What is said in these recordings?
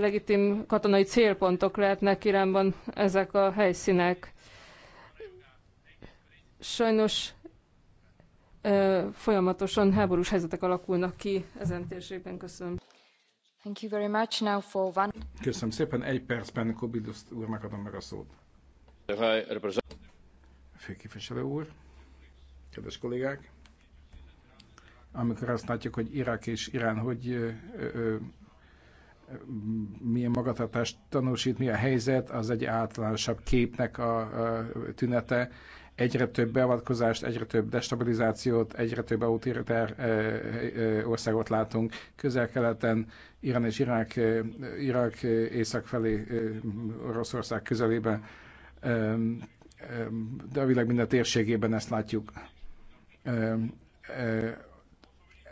legitim katonai célpontok lehetnek Iránban ezek a helyszínek. Sajnos folyamatosan háborús helyzetek alakulnak ki ezen térségben. Köszönöm. Thank you very much. Now for one... Köszönöm szépen. Egy percben Kobidus úrnak adom meg a szót. Főképviselő úr, kedves kollégák! Amikor azt látjuk, hogy Irak és Irán hogy ö, ö, milyen magatartást tanúsít, mi a helyzet, az egy általánosabb képnek a tünete. Egyre több beavatkozást, egyre több destabilizációt, egyre több autoritár e, e, e, országot látunk. Közel-keleten, Irán és Irák, Irak észak felé, Oroszország közelében, de a világ minden térségében ezt látjuk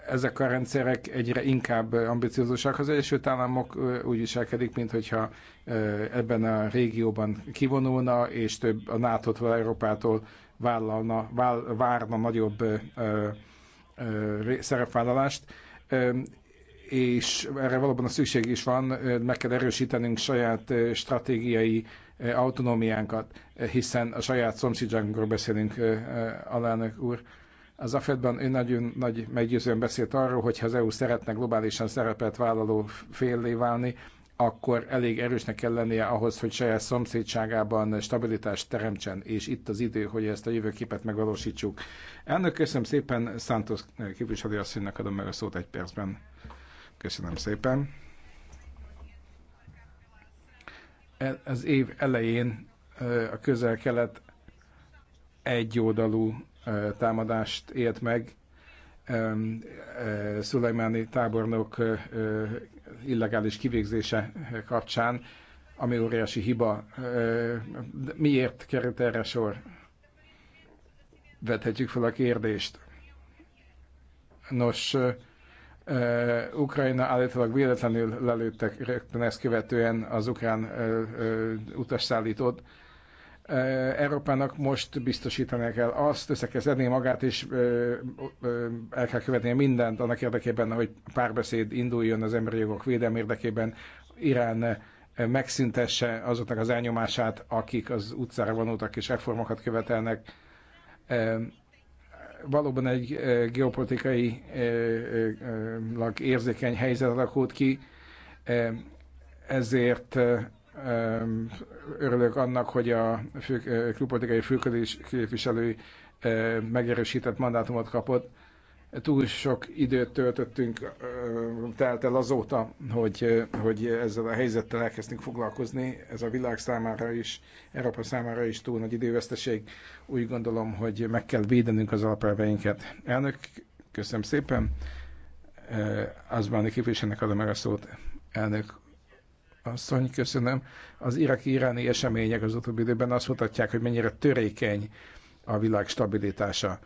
ezek a rendszerek egyre inkább ambiciózusak. Az Egyesült Államok úgy viselkedik, mintha ebben a régióban kivonulna, és több a NATO-tól, Európától vállalna, vál, várna nagyobb szerepvállalást. és erre valóban a szükség is van, meg kell erősítenünk saját stratégiai autonómiánkat, hiszen a saját szomszédságunkról beszélünk, alelnök úr az AFED-ben ő nagyon nagy meggyőzően beszélt arról, hogy ha az EU szeretne globálisan szerepet vállaló féllé válni, akkor elég erősnek kell lennie ahhoz, hogy saját szomszédságában stabilitást teremtsen, és itt az idő, hogy ezt a jövőképet megvalósítsuk. Elnök, köszönöm szépen, Santos asszonynak adom meg a szót egy percben. Köszönöm szépen. E- az év elején a közel-kelet oldalú támadást élt meg. Szulajmáni tábornok illegális kivégzése kapcsán, ami óriási hiba. Miért került erre sor? Vethetjük fel a kérdést. Nos, Ukrajna állítólag véletlenül lelőttek rögtön ezt követően az ukrán utasszállítót, Eh, Európának most biztosítani kell azt, össze kell szedni magát, és eh, eh, el kell követnie mindent annak érdekében, hogy párbeszéd induljon az emberi jogok védelme érdekében. Irán megszüntesse azoknak az elnyomását, akik az utcára vonultak és reformokat követelnek. Valóban egy geopolitikai érzékeny helyzet alakult ki, ezért örülök annak, hogy a fő, klubpolitikai képviselői megerősített mandátumot kapott. Túl sok időt töltöttünk, telt el azóta, hogy, hogy ezzel a helyzettel elkezdtünk foglalkozni. Ez a világ számára is, Európa számára is túl nagy időveszteség. Úgy gondolom, hogy meg kell védenünk az alapelveinket. Elnök, köszönöm szépen. Azbáni képviselőnek adom meg a szót. Elnök asszony, köszönöm. Az iraki-iráni események az utóbbi időben azt mutatják, hogy mennyire törékeny a világ stabilitása,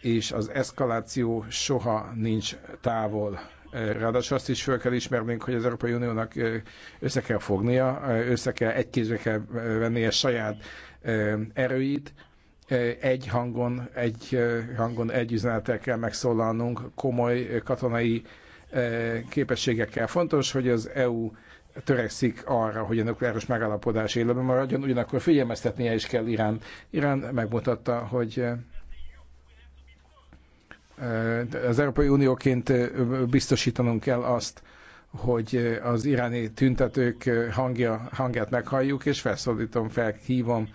és az eszkaláció soha nincs távol. Ráadásul azt is fel kell ismernünk, hogy az Európai Uniónak össze kell fognia, össze kell, egy kézbe kell vennie saját erőit, egy hangon, egy hangon, egy üzenetel kell megszólalnunk, komoly katonai képességekkel. Fontos, hogy az EU törekszik arra, hogy a nukleáros megállapodás élőben maradjon, ugyanakkor figyelmeztetnie is kell Irán. Irán megmutatta, hogy eh, eh, az Európai Unióként eh, biztosítanunk kell azt, hogy az iráni tüntetők hangja, hangját meghalljuk, és felszólítom, felhívom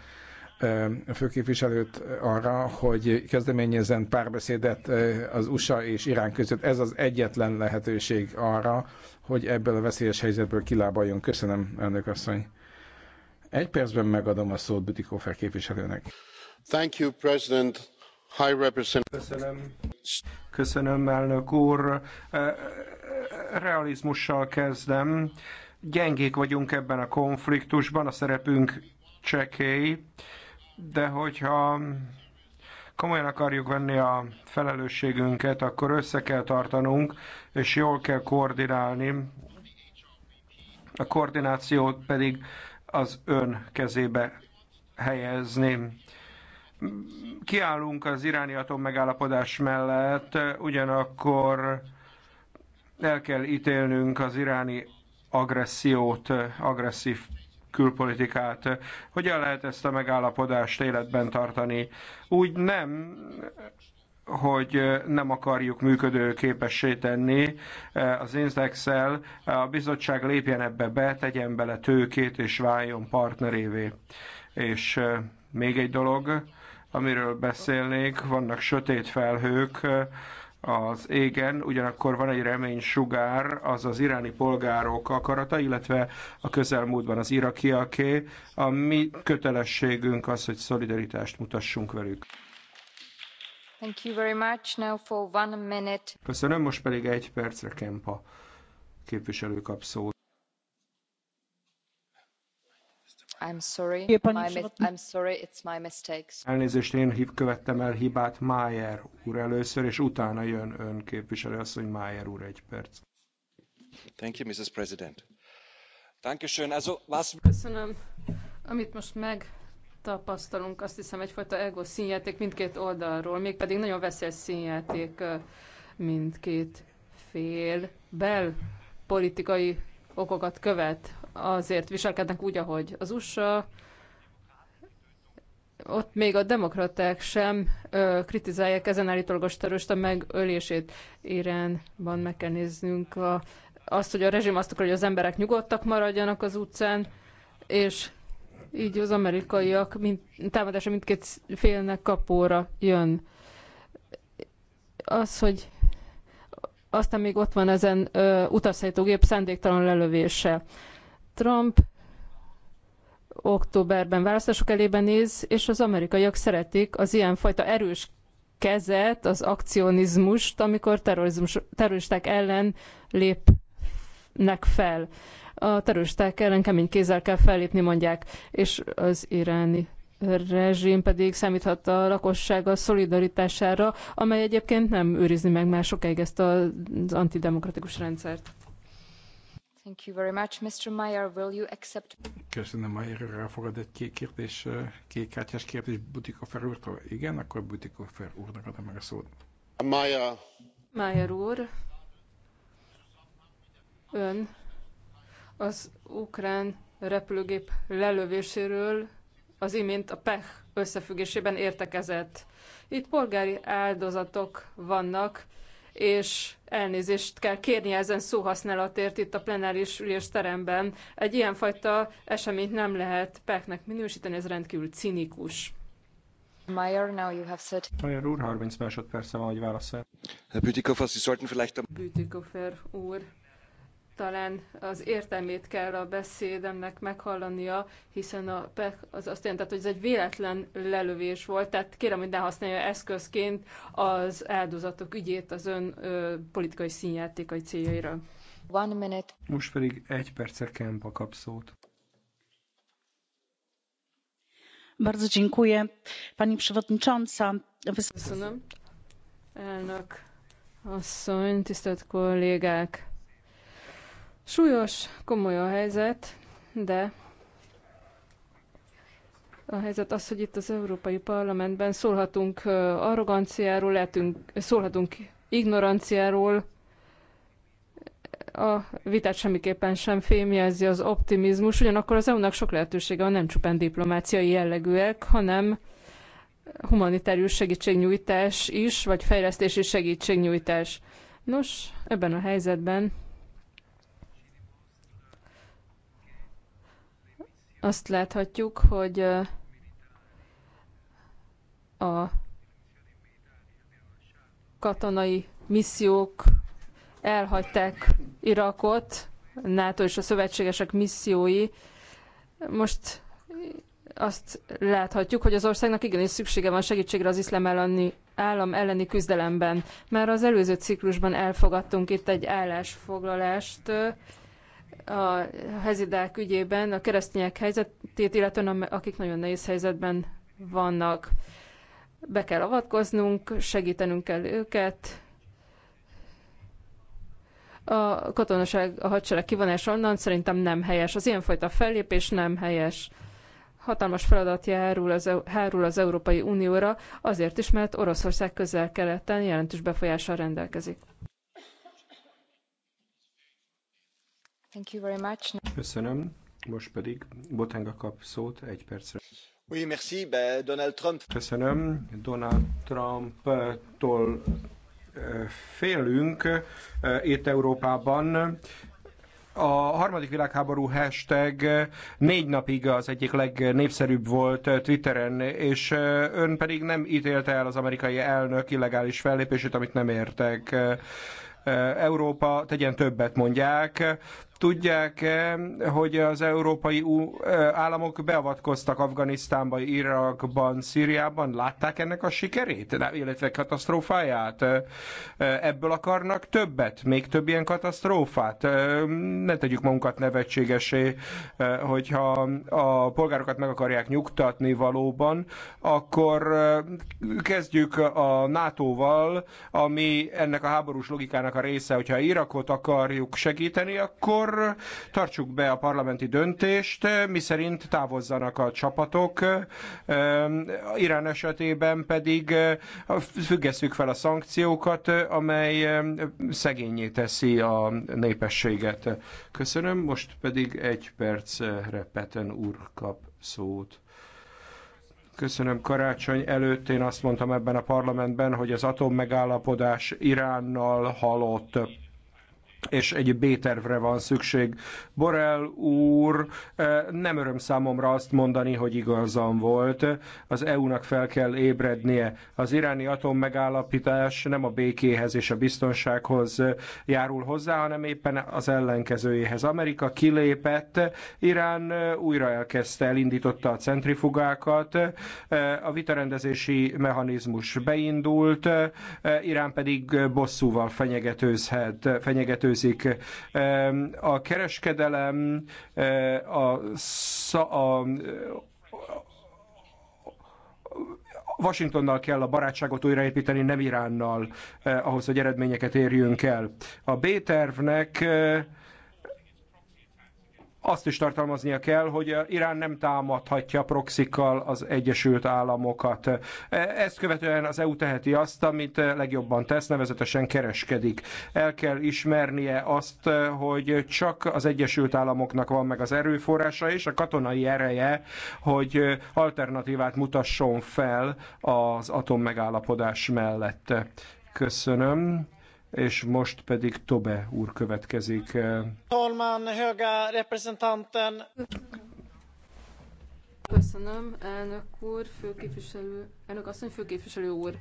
főképviselőt arra, hogy kezdeményezzen párbeszédet az USA és Irán között. Ez az egyetlen lehetőség arra, hogy ebből a veszélyes helyzetből kilábaljon. Köszönöm, elnök asszony. Egy percben megadom a szót Bütikofer képviselőnek. Thank you, President. High Representative. Köszönöm. Köszönöm, elnök úr. Realizmussal kezdem. Gyengék vagyunk ebben a konfliktusban, a szerepünk csekély de hogyha komolyan akarjuk venni a felelősségünket, akkor össze kell tartanunk, és jól kell koordinálni. A koordinációt pedig az ön kezébe helyezni. Kiállunk az iráni atommegállapodás mellett, ugyanakkor el kell ítélnünk az iráni agressziót, agresszív külpolitikát. Hogyan lehet ezt a megállapodást életben tartani? Úgy nem, hogy nem akarjuk működő képessé tenni az index -el. a bizottság lépjen ebbe be, tegyen bele tőkét és váljon partnerévé. És eh, még egy dolog, amiről beszélnék, vannak sötét felhők az égen, ugyanakkor van egy remény sugár, az az iráni polgárok akarata, illetve a közelmúltban az irakiaké. A mi kötelességünk az, hogy szolidaritást mutassunk velük. Thank you very much. Now for one minute. Köszönöm, most pedig egy percre Kempa képviselő kap szót. Elnézést, én hív, követtem el hibát Mayer úr először, és utána jön ön képviselő mondja, Mayer úr egy perc. Thank you, Mrs. President. Dankeschön. Also, was... Köszönöm. Amit most meg tapasztalunk, azt hiszem egyfajta ego színjáték mindkét oldalról, mégpedig nagyon veszélyes színjáték mindkét fél bel politikai okokat követ azért viselkednek úgy, ahogy az USA, ott még a demokraták sem ö, kritizálják ezen állítólagos a megölését. Iránban meg kell néznünk a, azt, hogy a rezsim azt akar, hogy az emberek nyugodtak maradjanak az utcán, és így az amerikaiak mind, támadása mindkét félnek kapóra jön. Az, hogy aztán még ott van ezen utasszállítógép szándéktalan lelövése. Trump októberben választások elébe néz, és az amerikaiak szeretik az ilyenfajta erős kezet, az akcionizmust, amikor terrorizmus, terroristák ellen lépnek fel. A terroristák ellen kemény kézzel kell fellépni, mondják, és az iráni rezsim pedig számíthat a lakosság a szolidaritására, amely egyébként nem őrizni meg már sokáig ezt az antidemokratikus rendszert. Köszönöm, Mayer úr, elfogad egy kék kérdés, kék kártyás kérdés Butikofer úrtól. Igen, akkor Butikofer úrnak adom meg a szót. Mayer. Mayer úr, ön az ukrán repülőgép lelövéséről az imént a PEH összefüggésében értekezett. Itt polgári áldozatok vannak, és elnézést kell kérni ezen szóhasználatért itt a plenáris ülés teremben. Egy ilyenfajta eseményt nem lehet peknek minősíteni, ez rendkívül cinikus. Mayer, now you have said. Mayer úr, 30 másodperc van, hogy válaszol. Bütikofer, Sie sollten vielleicht... Bütikofer úr, talán az értelmét kell a beszédemnek meghallania, hiszen a PEC az azt jelenti, hogy ez egy véletlen lelövés volt, tehát kérem, hogy ne használja eszközként az áldozatok ügyét az ön ö, politikai színjátékai céljaira. One minute. Most pedig egy perce Kempa kap szót. Bardzo dziękuję. Pani przewodnicząca. Köszönöm. Elnök asszony, tisztelt kollégák! Súlyos, komoly a helyzet, de a helyzet az, hogy itt az Európai Parlamentben szólhatunk arroganciáról, lehetünk, szólhatunk ignoranciáról, a vitát semmiképpen sem fémjelzi az optimizmus, ugyanakkor az EU-nak sok lehetősége van, nem csupán diplomáciai jellegűek, hanem humanitárius segítségnyújtás is, vagy fejlesztési segítségnyújtás. Nos, ebben a helyzetben azt láthatjuk, hogy a katonai missziók elhagyták Irakot, NATO és a szövetségesek missziói. Most azt láthatjuk, hogy az országnak igenis szüksége van segítségre az iszlám elleni, állam elleni küzdelemben. Már az előző ciklusban elfogadtunk itt egy állásfoglalást, a hezidák ügyében, a keresztények helyzetét, illetően akik nagyon nehéz helyzetben vannak. Be kell avatkoznunk, segítenünk kell őket. A katonaság, a hadsereg kivonás onnan szerintem nem helyes. Az ilyenfajta fellépés nem helyes. Hatalmas feladat járul az, hárul az Európai Unióra, azért is, mert Oroszország közel-keleten jelentős befolyással rendelkezik. Thank you very much. Köszönöm. Most pedig Botenga kap szót egy percre. Oui, merci. Ben, Donald Trump. Köszönöm. Donald Trump-tól félünk itt Európában. A harmadik világháború hashtag négy napig az egyik legnépszerűbb volt Twitteren, és ön pedig nem ítélte el az amerikai elnök illegális fellépését, amit nem értek. Európa tegyen többet, mondják. Tudják-e, hogy az európai államok beavatkoztak Afganisztánban, Irakban, Szíriában? Látták ennek a sikerét, illetve katasztrófáját? Ebből akarnak többet, még több ilyen katasztrófát? Ne tegyük magunkat nevetségesé, hogyha a polgárokat meg akarják nyugtatni valóban, akkor kezdjük a NATO-val, ami ennek a háborús logikának a része, hogyha Irakot akarjuk segíteni, akkor akkor tartsuk be a parlamenti döntést, miszerint távozzanak a csapatok. Irán esetében pedig függesszük fel a szankciókat, amely szegényé teszi a népességet. Köszönöm, most pedig egy percre Peten úr kap szót. Köszönöm karácsony előtt. Én azt mondtam ebben a parlamentben, hogy az atommegállapodás Iránnal halott és egy B-tervre van szükség. Borel úr, eh, nem öröm számomra azt mondani, hogy igazam volt. Az EU-nak fel kell ébrednie. Az iráni atom megállapítás nem a békéhez és a biztonsághoz eh, járul hozzá, hanem éppen az ellenkezőjéhez. Amerika kilépett, Irán eh, újra elkezdte, elindította a centrifugákat, a vitarendezési mechanizmus beindult, Irán pedig bosszúval fenyegetőzhet, fenyegetőzhet fertőzik. A kereskedelem, eh, a, a, Washingtonnal kell a barátságot újraépíteni, nem Iránnal, eh, ahhoz, hogy eredményeket érjünk el. A B-tervnek eh, azt is tartalmaznia kell, hogy eh, Irán nem támadhatja proxikkal az Egyesült Államokat. Eh, ezt követően az EU teheti azt, amit eh, legjobban tesz, nevezetesen kereskedik. El kell ismernie azt, hogy csak az Egyesült Államoknak van meg az erőforrása és a katonai ereje, hogy alternatívát mutasson fel az atommegállapodás mellett. Köszönöm és most pedig Tobe úr következik. Tolman, höga representanten. Köszönöm, elnök úr, főképviselő, elnök asszony, főképviselő úr.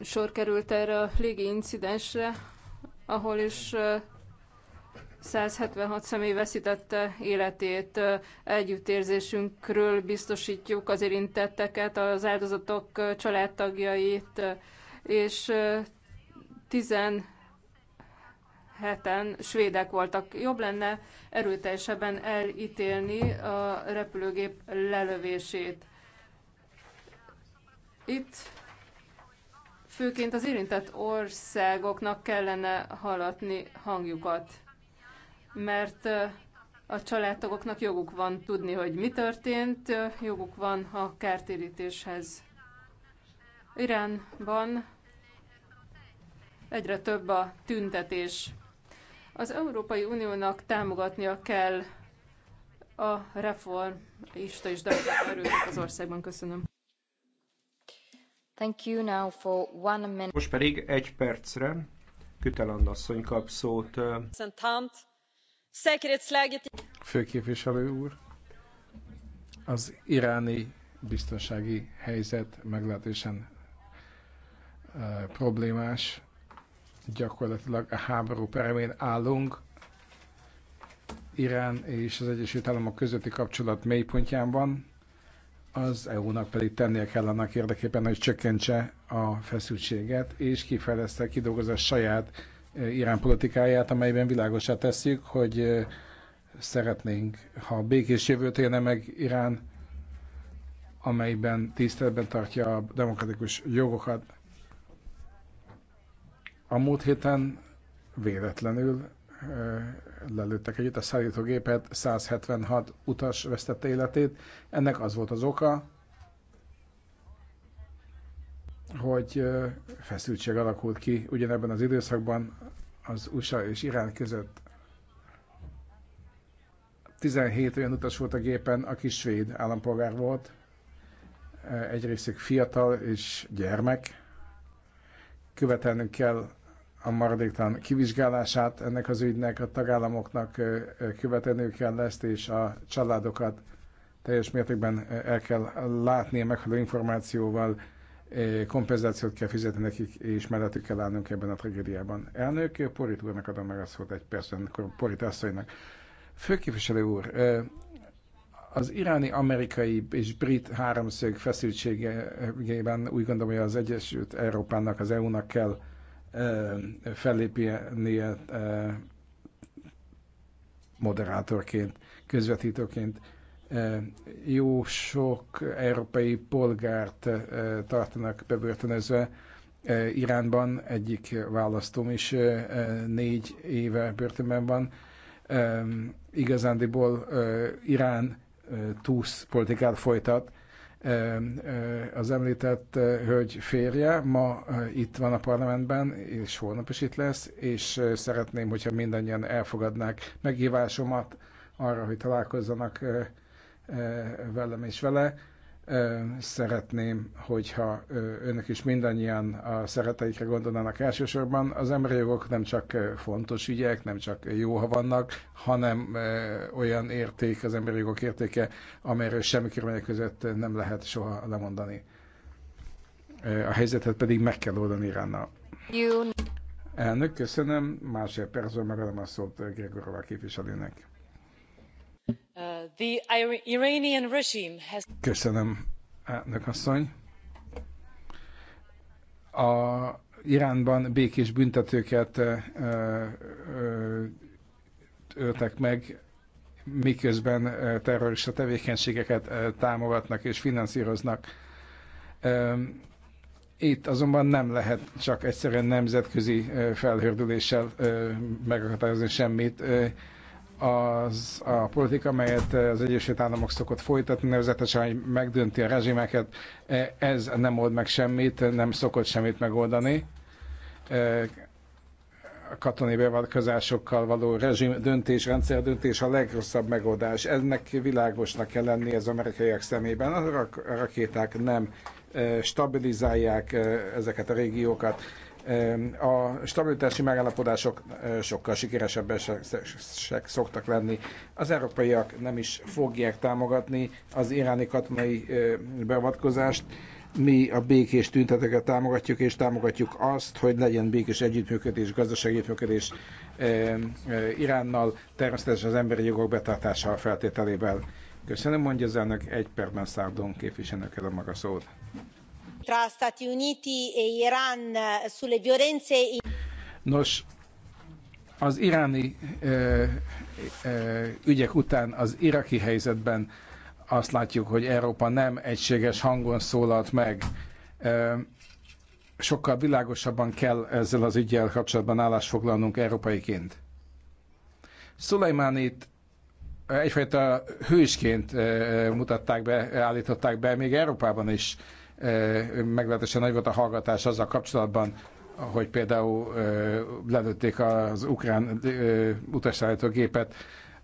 Sor került erre a légi incidensre, ahol is 176 személy veszítette életét. Együttérzésünkről biztosítjuk az érintetteket, az áldozatok családtagjait, és 17 en svédek voltak. Jobb lenne erőteljesebben elítélni a repülőgép lelövését. Itt főként az érintett országoknak kellene hallatni hangjukat mert a családtagoknak joguk van tudni, hogy mi történt, joguk van a kártérítéshez. Iránban egyre több a tüntetés. Az Európai Uniónak támogatnia kell a reformista és demokrata erőket az országban. Köszönöm. Thank you now for one minute. Most pedig egy percre Küteland asszony kap szót. Szentant Főképviselő úr, az iráni biztonsági helyzet meglehetősen problémás. Gyakorlatilag a háború peremén állunk. Irán és az Egyesült Államok közötti kapcsolat mélypontján van, az EU-nak pedig tennie kell annak érdekében, hogy csökkentse a feszültséget, és kifejezte, kidolgozza saját Irán politikáját, amelyben világosá tesszük, hogy szeretnénk, ha békés jövőt élne meg Irán, amelyben tiszteletben tartja a demokratikus jogokat. A múlt héten véletlenül lelőttek együtt a szállítógépet, 176 utas vesztette életét. Ennek az volt az oka, hogy feszültség alakult ki ugyanebben az időszakban az USA és Irán között. 17 olyan utas volt a gépen, aki svéd állampolgár volt, egy részük fiatal és gyermek. Követelnünk kell a maradéktalan kivizsgálását ennek az ügynek, a tagállamoknak követelnünk kell ezt, és a családokat teljes mértékben el kell látni a megfelelő információval, Eh, kompenzációt kell fizetni nekik, és mellettük kell állnunk ebben a tragédiában. Elnök, Porit úrnak adom meg a szót egy percben, akkor Porit asszonynak. Főképviselő úr, eh, az iráni, amerikai és brit háromszög feszültségében úgy gondolom, hogy az Egyesült Európának, az EU-nak kell eh, fellépnie moderátorként, közvetítőként jó sok európai polgárt tartanak bebörtönözve Iránban, egyik választóm is négy éve börtönben van. Igazándiból Irán túsz politikát folytat, az említett hölgy férje ma itt van a parlamentben, és holnap is itt lesz, és szeretném, hogyha mindannyian elfogadnák meghívásomat arra, hogy találkozzanak velem és vele. Szeretném, hogyha önök is mindannyian a szereteikre gondolnának elsősorban. Az emberi jogok nem csak fontos ügyek, nem csak jó, ha vannak, hanem olyan érték, az emberi jogok értéke, amelyről semmi körülmények között nem lehet soha lemondani. A helyzetet pedig meg kell oldani Iránnal. Elnök, köszönöm. Másfél percben megadom a szót Gregorová képviselőnek. Uh, Köszönöm, elnök asszony. A Iránban békés büntetőket uh, uh, öltek meg, miközben terrorista tevékenységeket támogatnak és finanszíroznak. Um, itt azonban nem lehet csak egyszerűen nemzetközi felhördüléssel megakadályozni semmit az a politika, amelyet az Egyesült Államok szokott folytatni, nevezetesen, hogy megdönti a rezsimeket, e, ez nem old meg semmit, nem szokott semmit megoldani. A e, katonai beavatkozásokkal való rezsim döntés, rendszer döntés a legrosszabb megoldás. Ennek világosnak kell lenni az amerikaiak szemében. A rakéták nem e, stabilizálják ezeket a régiókat. A stabilitási megállapodások sokkal sikeresebbek szoktak lenni. Az európaiak nem is fogják támogatni az iráni katonai beavatkozást. Mi a békés tünteteket támogatjuk, és támogatjuk azt, hogy legyen békés együttműködés, gazdasági együttműködés Iránnal, természetesen az emberi jogok betartása a feltételével. Köszönöm, mondja az elnök, egy percben Szárdon el a maga szót. E Nos, az iráni ö, ö, ügyek után az iraki helyzetben azt látjuk, hogy Európa nem egységes hangon szólalt meg. Ö, sokkal világosabban kell ezzel az ügyel kapcsolatban állásfoglalnunk európaiként. Szulajmánit egyfajta hősként mutatták be, állították be, még Európában is meglehetősen nagy volt a hallgatás azzal kapcsolatban, hogy például lelőtték az ukrán utasállító gépet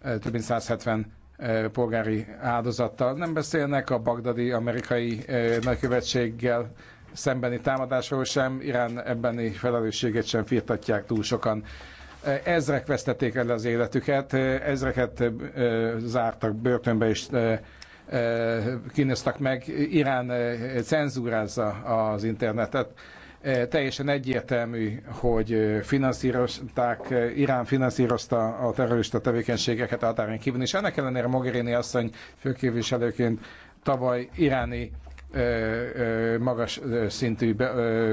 több mint 170 polgári áldozattal. Nem beszélnek a bagdadi amerikai nagykövetséggel szembeni támadásról sem, Irán ebbeni felelősséget sem firtatják túl sokan. Ezrek vesztették el az életüket, ezreket zártak börtönbe és Eh, kínoztak meg, Irán eh, cenzúrázza az internetet. Eh, teljesen egyértelmű, hogy finanszírozták, Irán finanszírozta a terrorista tevékenységeket határon kívül, és ennek ellenére Mogherini asszony főképviselőként tavaly iráni magas szintű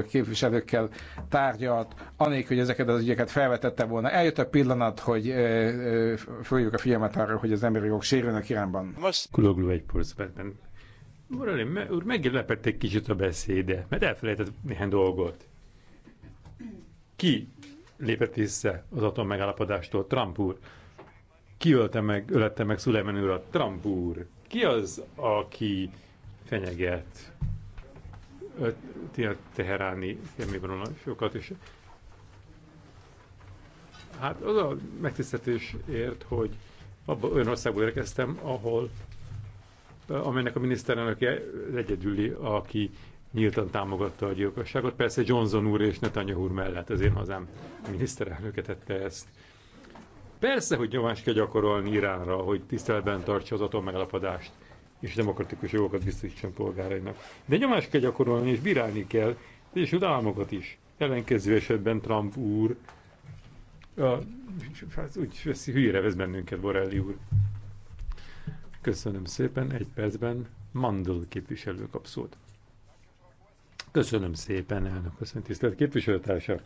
képviselőkkel tárgyalt, anélkül, hogy ezeket az ügyeket felvetette volna. Eljött a pillanat, hogy följük a figyelmet arra, hogy az emberi jogok sérülnek Iránban. kuloglu egy percben. Morali úr meglepett egy kicsit a beszéde, mert elfelejtett néhány dolgot. Ki lépett vissza az atom megállapodástól? Trump úr. Ki ölte meg, ölette meg Szulajman urat? Trump úr. Ki az, aki fenyeget teheráni filmigronósokat, is. hát az a megtiszteltetés ért, hogy abban olyan országból érkeztem, ahol amelynek a miniszterelnöke egyedüli, aki nyíltan támogatta a gyilkosságot. Persze Johnson úr és Netanyahu úr mellett az én hazám miniszterelnöke tette ezt. Persze, hogy nyomást kell gyakorolni Iránra, hogy tiszteletben tartsa az atommegállapodást és demokratikus jogokat biztosítson polgárainak. De nyomást kell gyakorolni, és bírálni kell, és államokat is. Ellenkező esetben Trump úr a, hát úgy veszi, hülyére vesz bennünket, Borelli úr. Köszönöm szépen, egy percben Mandel képviselő kap szót. Köszönöm szépen, elnök, köszönöm, tisztelt képviselőtársak.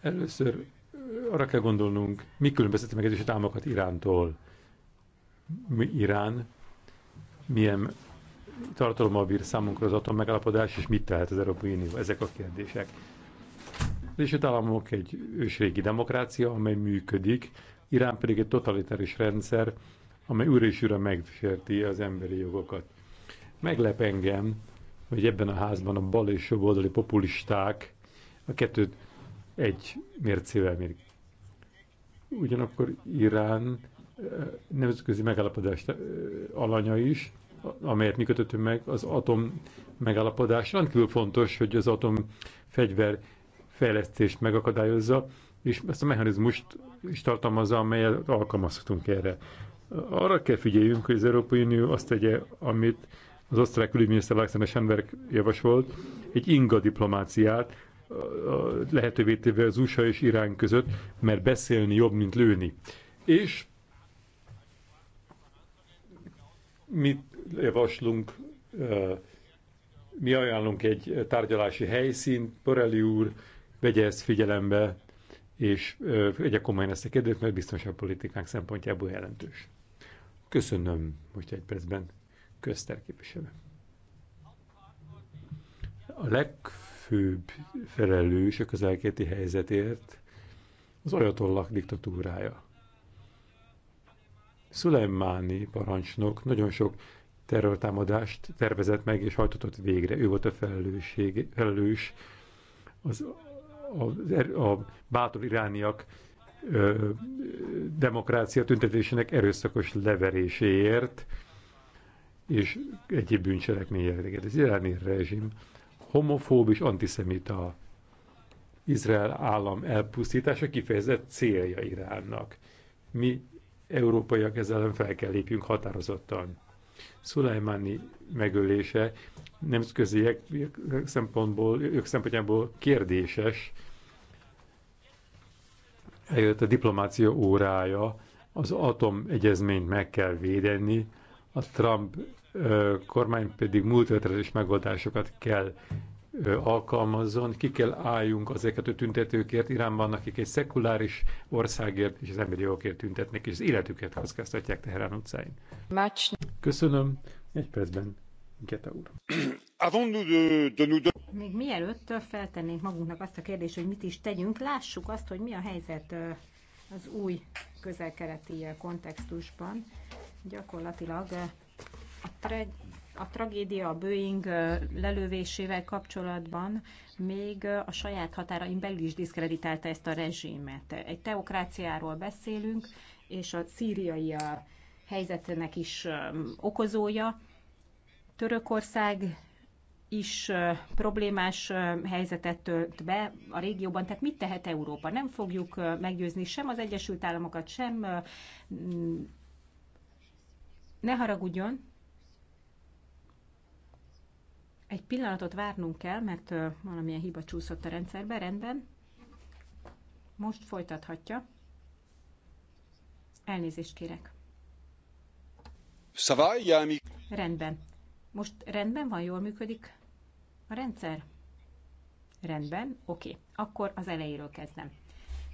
Először arra kell gondolnunk, mi különbözteti meg egyes álmokat Irántól. Irán milyen tartalommal bír számunkra az atom megállapodás, és mit tehet az Európai Unió? Ezek a kérdések. Az Egyesült Államok egy ősrégi demokrácia, amely működik, Irán pedig egy totalitáris rendszer, amely újra és újra megsérti az emberi jogokat. Meglep engem, hogy ebben a házban a bal és jobb oldali populisták a kettőt egy mércével mérik. Ugyanakkor Irán nemzetközi megállapodás alanya is, amelyet mi kötöttünk meg, az atom megállapodás. Rendkívül fontos, hogy az atom fegyver fejlesztést megakadályozza, és ezt a mechanizmust is tartalmazza, amelyet alkalmazhatunk erre. Arra kell figyeljünk, hogy az Európai Unió azt tegye, amit az osztrák külügyminiszter Alexander Schenberg javasolt, egy inga diplomáciát lehetővé téve az USA és Irán között, mert beszélni jobb, mint lőni. És Mit javaslunk, eh, mi ajánlunk egy tárgyalási helyszínt, Borelli úr vegye ezt figyelembe, és eh, vegye komolyan ezt a kérdőt, mert biztonságpolitikánk szempontjából jelentős. Köszönöm, most egy percben közter képviselő. A legfőbb felelős a közelkéti helyzetért az olyatollak diktatúrája. Szulajmáni parancsnok nagyon sok terrortámadást tervezett meg és hajtott végre. Ő volt a felelősség, felelős az, a, er, a bátor irániak ö, demokrácia tüntetésének erőszakos leveréséért és egyéb bűncselekményekért. Az iráni rezsim homofób és antiszemita Izrael állam elpusztítása kifejezett célja Iránnak. Mi európaiak ezzel fel kell lépjünk határozottan. Szulajmáni megölése nemzetköziek szempontból, ők szempontjából kérdéses. Eljött a diplomácia órája, az atomegyezményt meg kell védeni, a Trump kormány pedig múltveteres megoldásokat kell alkalmazzon, ki kell álljunk ezeket a tüntetőkért Iránban, akik egy szekuláris országért és az emberi jogokért tüntetnek, és az életüket kockáztatják Teherán utcáin. Mács. Köszönöm. Egy percben. Geta úr. Még mielőtt feltennénk magunknak azt a kérdést, hogy mit is tegyünk, lássuk azt, hogy mi a helyzet az új közelkeleti kontextusban. Gyakorlatilag a a tragédia a Boeing lelővésével kapcsolatban még a saját határain belül is diszkreditálta ezt a rezsimet. Egy teokráciáról beszélünk, és a szíriai helyzetnek is okozója. Törökország is problémás helyzetet tölt be a régióban. Tehát mit tehet Európa? Nem fogjuk meggyőzni sem az Egyesült Államokat, sem. Ne haragudjon, egy pillanatot várnunk kell, mert valamilyen hiba csúszott a rendszerbe. Rendben. Most folytathatja. Elnézést kérek. Rendben. Most rendben van, jól működik a rendszer? Rendben, oké. Okay. Akkor az elejéről kezdem.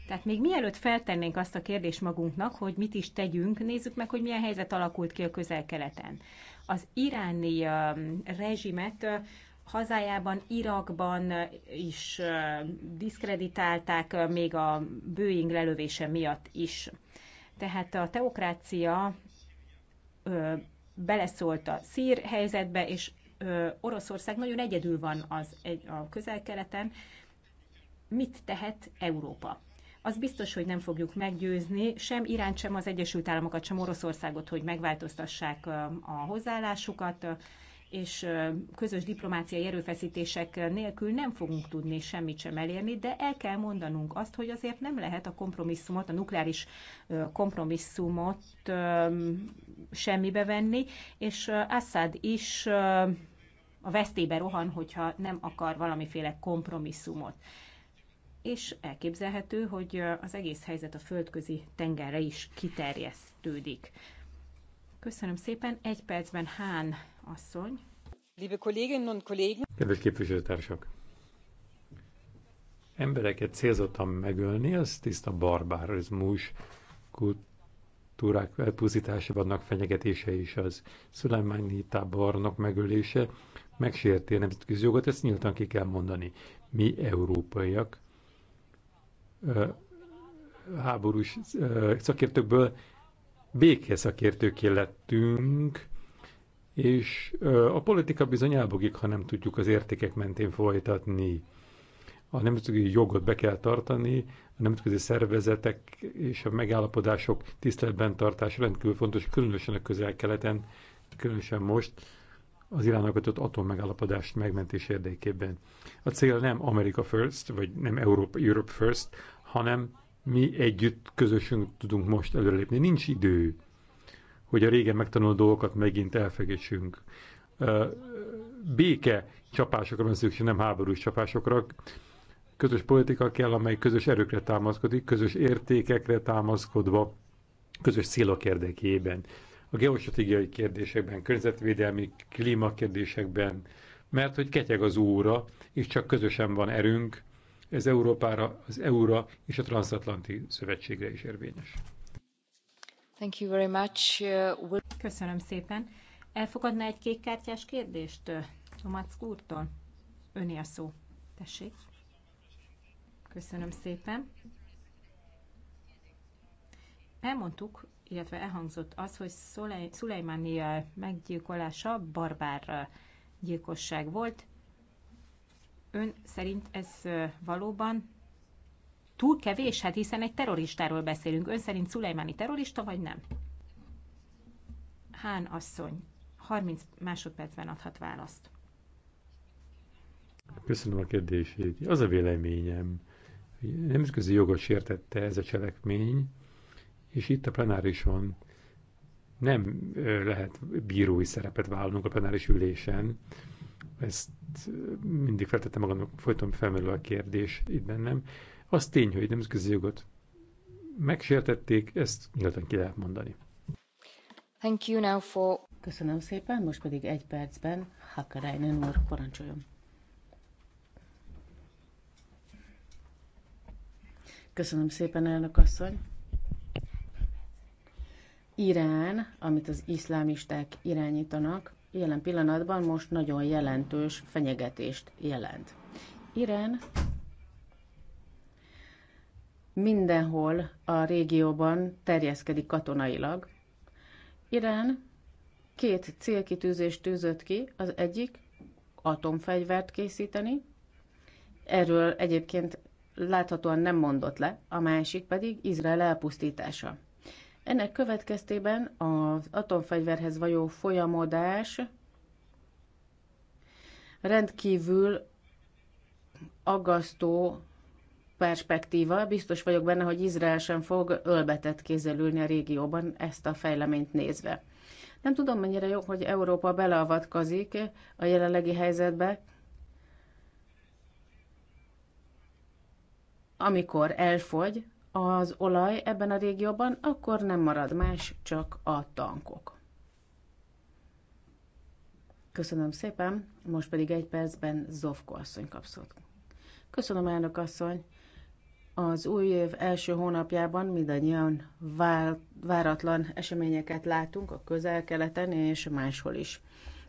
Tehát még mielőtt feltennénk azt a kérdést magunknak, hogy mit is tegyünk, nézzük meg, hogy milyen helyzet alakult ki a közel-keleten az iráni um, rezsimet uh, hazájában, Irakban uh, is uh, diszkreditálták, még a Boeing lelövése miatt is. Tehát a teokrácia beleszólt a szír helyzetbe, és Oroszország nagyon egyedül van az, a közel-keleten. Mit tehet Európa? az biztos, hogy nem fogjuk meggyőzni sem Iránt, sem az Egyesült Államokat, sem Oroszországot, hogy megváltoztassák a hozzáállásukat, és közös diplomáciai erőfeszítések nélkül nem fogunk tudni semmit sem elérni, de el kell mondanunk azt, hogy azért nem lehet a kompromisszumot, a nukleáris kompromisszumot semmibe venni, és Assad is a vesztébe rohan, hogyha nem akar valamiféle kompromisszumot és elképzelhető, hogy az egész helyzet a földközi tengerre is kiterjesztődik. Köszönöm szépen. Egy percben Hán asszony. Liebe Kolleginnen und Kollegen. Kedves képviselőtársak! Embereket célzottan megölni, az tiszta barbárizmus, kultúrák elpusztítása vannak fenyegetése is az. Szulajmányi tábornok megölése megsérti a nemzetközi jogot, ezt nyíltan ki kell mondani. Mi európaiak háborús szakértőkből békeszakértőké lettünk, és a politika bizony elbogik, ha nem tudjuk az értékek mentén folytatni. A nemzetközi jogot be kell tartani, a nemzetközi szervezetek és a megállapodások tiszteletben tartása rendkívül fontos, különösen a közel-keleten, különösen most az Iránnal kötött atommegállapodást megmentés érdekében. A cél nem America First, vagy nem Európa, Europe First, hanem mi együtt, közösen tudunk most előrelépni. Nincs idő, hogy a régen megtanult dolgokat megint elfegessünk. Béke csapásokra van szükség, nem háborús csapásokra. Közös politika kell, amely közös erőkre támaszkodik, közös értékekre támaszkodva, közös célok érdekében. A geostratégiai kérdésekben, környezetvédelmi, klímakérdésekben, mert hogy ketyeg az óra, és csak közösen van erőnk, ez Európára, az EU-ra és a Transatlanti Szövetségre is érvényes. Thank you very much. Uh, Will... Köszönöm szépen. Elfogadná egy kékkártyás kérdést uh, Tomac úrtól? Öné a szó. Tessék. Köszönöm szépen. Elmondtuk, illetve elhangzott az, hogy Szulejmáni meggyilkolása barbár uh, gyilkosság volt, Ön szerint ez valóban túl kevés? Hát hiszen egy terroristáról beszélünk. Ön szerint Szulajmáni terrorista, vagy nem? Hán asszony, 30 másodpercben adhat választ. Köszönöm a kérdését. Az a véleményem, hogy nemzetközi jogot sértette ez a cselekmény, és itt a plenárison nem lehet bírói szerepet vállalunk a plenáris ülésen, ezt mindig feltettem magamnak, folyton felmerül a kérdés itt bennem. Az tény, hogy nemzetközi jogot megsértették, ezt nyíltan ki lehet mondani. Thank you now for... Köszönöm szépen, most pedig egy percben Hakarainen úr parancsoljon. Köszönöm szépen, elnök asszony. Irán, amit az iszlámisták irányítanak, jelen pillanatban most nagyon jelentős fenyegetést jelent. Irán mindenhol a régióban terjeszkedik katonailag. Irán két célkitűzést tűzött ki, az egyik atomfegyvert készíteni, erről egyébként láthatóan nem mondott le, a másik pedig Izrael elpusztítása. Ennek következtében az atomfegyverhez való folyamodás rendkívül aggasztó perspektíva. Biztos vagyok benne, hogy Izrael sem fog ölbetett kézzel ülni a régióban ezt a fejleményt nézve. Nem tudom, mennyire jó, hogy Európa beleavatkozik a jelenlegi helyzetbe, amikor elfogy az olaj ebben a régióban, akkor nem marad más, csak a tankok. Köszönöm szépen, most pedig egy percben Zovko asszony kapszott. Köszönöm, elnök asszony! Az új év első hónapjában mindannyian váratlan eseményeket látunk a közel-keleten és máshol is.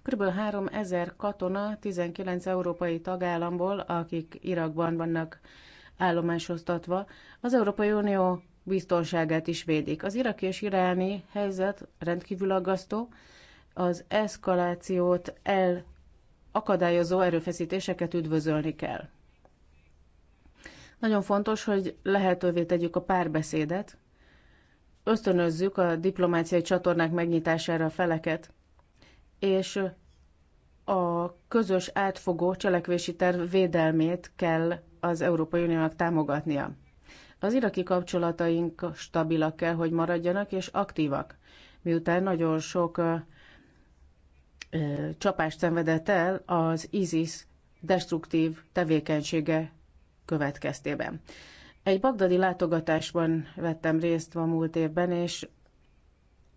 Kb. 3000 katona 19 európai tagállamból, akik Irakban vannak állomásoztatva, az Európai Unió biztonságát is védik. Az iraki és iráni helyzet rendkívül aggasztó, az eszkalációt el akadályozó erőfeszítéseket üdvözölni kell. Nagyon fontos, hogy lehetővé tegyük a párbeszédet, ösztönözzük a diplomáciai csatornák megnyitására a feleket, és a közös átfogó cselekvési terv védelmét kell az Európai Uniónak támogatnia. Az iraki kapcsolataink stabilak kell, hogy maradjanak és aktívak. Miután nagyon sok csapást szenvedett el az ISIS destruktív tevékenysége következtében. Egy bagdadi látogatásban vettem részt a múlt évben, és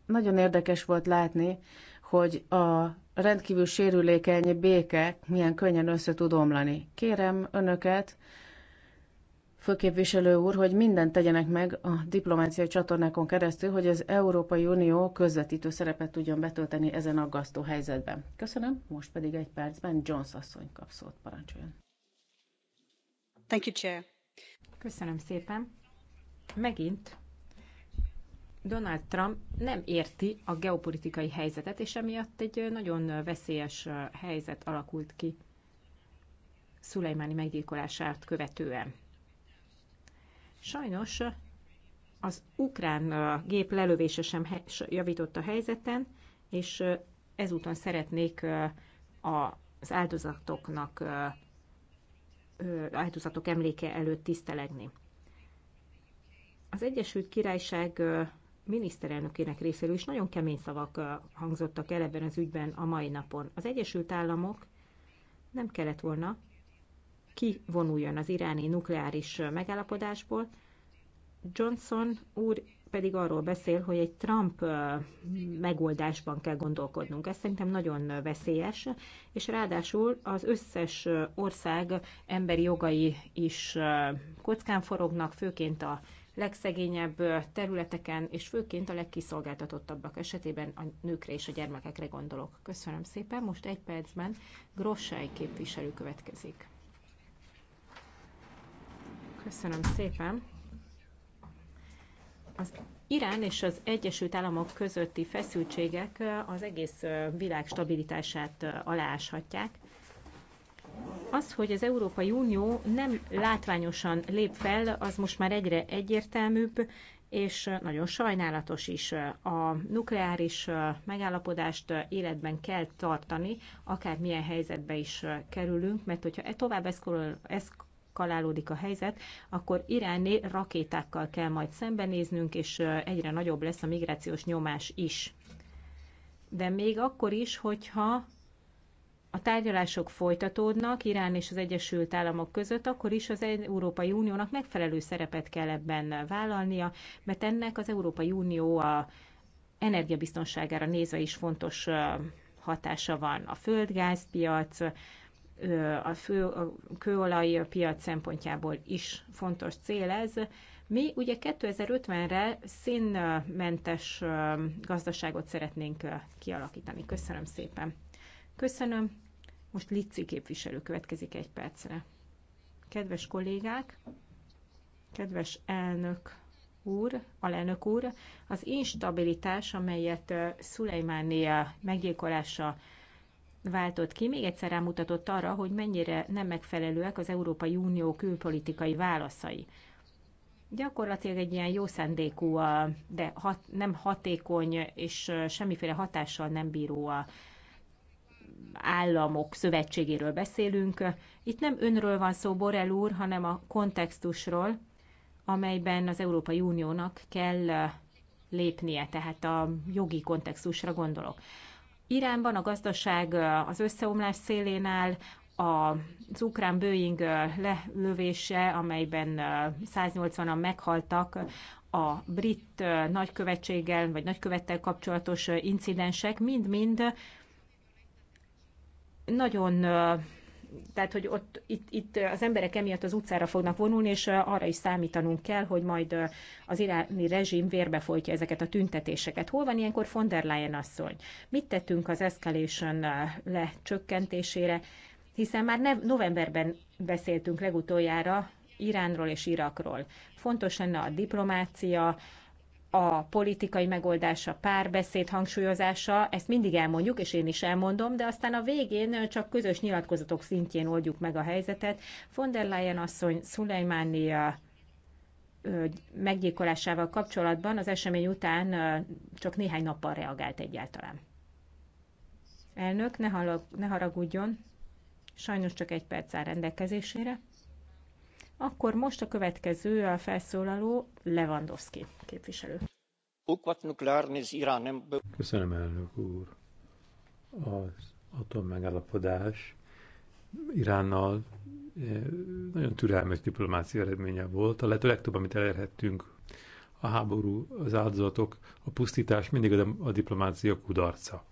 nagyon érdekes volt látni, hogy a rendkívül sérülékeny béke milyen könnyen össze tud omlani. Kérem önöket, főképviselő úr, hogy mindent tegyenek meg a diplomáciai csatornákon keresztül, hogy az Európai Unió közvetítő szerepet tudjon betölteni ezen aggasztó helyzetben. Köszönöm, most pedig egy percben Jones asszony kap szót, parancsoljon. Thank you, Chair. Köszönöm szépen. Megint Donald Trump nem érti a geopolitikai helyzetet, és emiatt egy nagyon veszélyes helyzet alakult ki Szulejmáni meggyilkolását követően. Sajnos az ukrán gép lelövése sem javított a helyzeten, és ezúton szeretnék az áldozatoknak áldozatok emléke előtt tisztelegni. Az Egyesült Királyság miniszterelnökének részéről is nagyon kemény szavak hangzottak el ebben az ügyben a mai napon. Az Egyesült Államok nem kellett volna kivonuljon az iráni nukleáris megállapodásból. Johnson úr pedig arról beszél, hogy egy Trump megoldásban kell gondolkodnunk. Ez szerintem nagyon veszélyes, és ráadásul az összes ország emberi jogai is kockán forognak, főként a legszegényebb területeken, és főként a legkiszolgáltatottabbak esetében a nőkre és a gyermekekre gondolok. Köszönöm szépen. Most egy percben Grossály képviselő következik. Köszönöm szépen. Az Irán és az Egyesült Államok közötti feszültségek az egész világ stabilitását aláshatják. Az, hogy az Európai Unió nem látványosan lép fel, az most már egyre egyértelműbb, és nagyon sajnálatos is. A nukleáris megállapodást életben kell tartani, akár milyen helyzetbe is kerülünk, mert hogyha e tovább eszkalálódik a helyzet, akkor iráni rakétákkal kell majd szembenéznünk, és egyre nagyobb lesz a migrációs nyomás is. De még akkor is, hogyha a tárgyalások folytatódnak Irán és az Egyesült Államok között, akkor is az Európai Uniónak megfelelő szerepet kell ebben vállalnia, mert ennek az Európai Unió a energiabiztonságára nézve is fontos hatása van. A földgázpiac, a, fő, a kőolaj piac szempontjából is fontos cél ez. Mi ugye 2050-re színmentes gazdaságot szeretnénk kialakítani. Köszönöm szépen! Köszönöm. Most Lici képviselő következik egy percre. Kedves kollégák, kedves elnök úr, alelnök úr, az instabilitás, amelyet Szulejmánia meggyilkolása váltott ki, még egyszer rámutatott arra, hogy mennyire nem megfelelőek az Európai Unió külpolitikai válaszai. Gyakorlatilag egy ilyen jó szándékú, de hat, nem hatékony és semmiféle hatással nem bíró a államok szövetségéről beszélünk. Itt nem önről van szó, Borel úr, hanem a kontextusról, amelyben az Európai Uniónak kell lépnie, tehát a jogi kontextusra gondolok. Iránban a gazdaság az összeomlás szélén áll, az ukrán Boeing lelövése, amelyben 180-an meghaltak, a brit nagykövetséggel vagy nagykövettel kapcsolatos incidensek mind-mind nagyon tehát, hogy ott itt, itt az emberek emiatt az utcára fognak vonulni, és arra is számítanunk kell, hogy majd az iráni rezsim vérbe folytja ezeket a tüntetéseket. Hol van ilyenkor von der Leyen asszony? Mit tettünk az escalation lecsökkentésére? Hiszen már ne, novemberben beszéltünk legutoljára Iránról és Irakról. Fontos lenne a diplomácia, a politikai megoldása, párbeszéd hangsúlyozása, ezt mindig elmondjuk, és én is elmondom, de aztán a végén csak közös nyilatkozatok szintjén oldjuk meg a helyzetet. Von der Leyen asszony Szulejmánia meggyilkolásával kapcsolatban az esemény után csak néhány nappal reagált egyáltalán. Elnök, ne, halag, ne haragudjon, sajnos csak egy perc áll rendelkezésére. Akkor most a következő a felszólaló Lewandowski képviselő. Köszönöm, elnök úr. Az atommegállapodás Iránnal eh, nagyon türelmes diplomácia eredménye volt. A lehető legtöbb, amit elérhettünk, a háború, az áldozatok, a pusztítás mindig a diplomácia kudarca.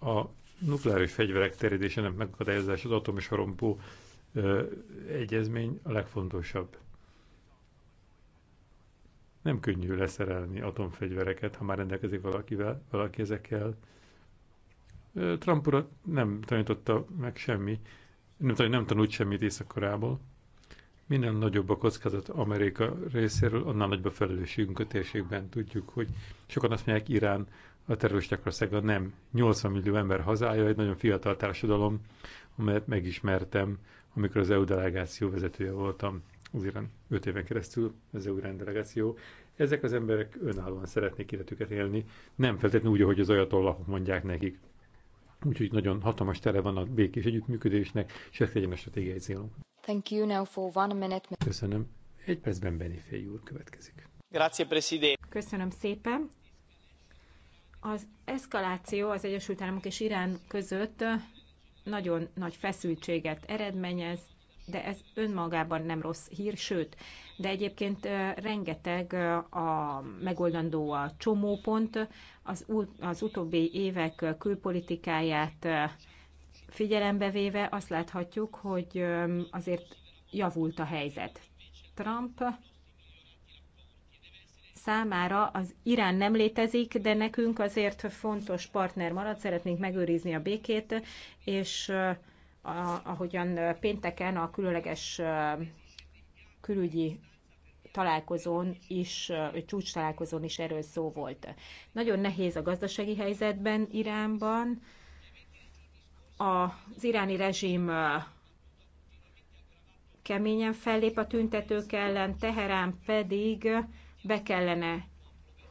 A nukleáris fegyverek terjedésének megakadályozása, az atom és a rompó egyezmény a legfontosabb. Nem könnyű leszerelni atomfegyvereket, ha már rendelkezik valakivel, valaki ezekkel. Trump urat nem tanította meg semmi, nem, nem tanult semmit északkorából. Minden nagyobb a kockázat Amerika részéről, annál nagyobb a felelősségünk a térségben. Tudjuk, hogy sokan azt mondják, Irán a terroristák a nem. 80 millió ember hazája, egy nagyon fiatal társadalom, amelyet megismertem, amikor az EU delegáció vezetője voltam, az Irán 5 éven keresztül az EU Irán delegáció. Ezek az emberek önállóan szeretnék életüket élni, nem feltétlenül úgy, ahogy az ajatollahok mondják nekik. Úgyhogy nagyon hatalmas tele van a békés együttműködésnek, és ez legyen a stratégiai célunk. Thank you now for one minute. Köszönöm. Egy percben Benifé úr következik. Grazie, Presidente. Köszönöm szépen. Az eszkaláció az Egyesült Államok és Irán között nagyon nagy feszültséget eredményez, de ez önmagában nem rossz hír, sőt, de egyébként rengeteg a megoldandó a csomópont, az, az utóbbi évek külpolitikáját figyelembe véve azt láthatjuk, hogy azért javult a helyzet. Trump számára az Irán nem létezik, de nekünk azért fontos partner marad, szeretnénk megőrizni a békét, és ahogyan pénteken a különleges külügyi találkozón is, csúcs találkozón is erről szó volt. Nagyon nehéz a gazdasági helyzetben Iránban. Az iráni rezsim keményen fellép a tüntetők ellen, Teherán pedig be kellene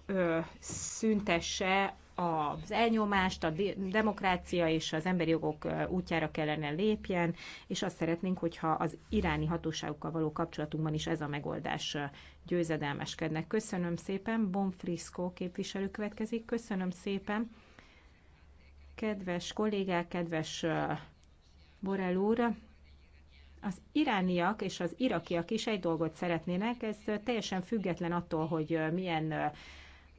ö, szüntesse az elnyomást, a demokrácia és az emberi jogok útjára kellene lépjen, és azt szeretnénk, hogyha az iráni hatóságokkal való kapcsolatunkban is ez a megoldás győzedelmeskednek. Köszönöm szépen, Bonfrisco képviselő következik, köszönöm szépen, kedves kollégák, kedves Borel úr, az irániak és az irakiak is egy dolgot szeretnének, ez teljesen független attól, hogy milyen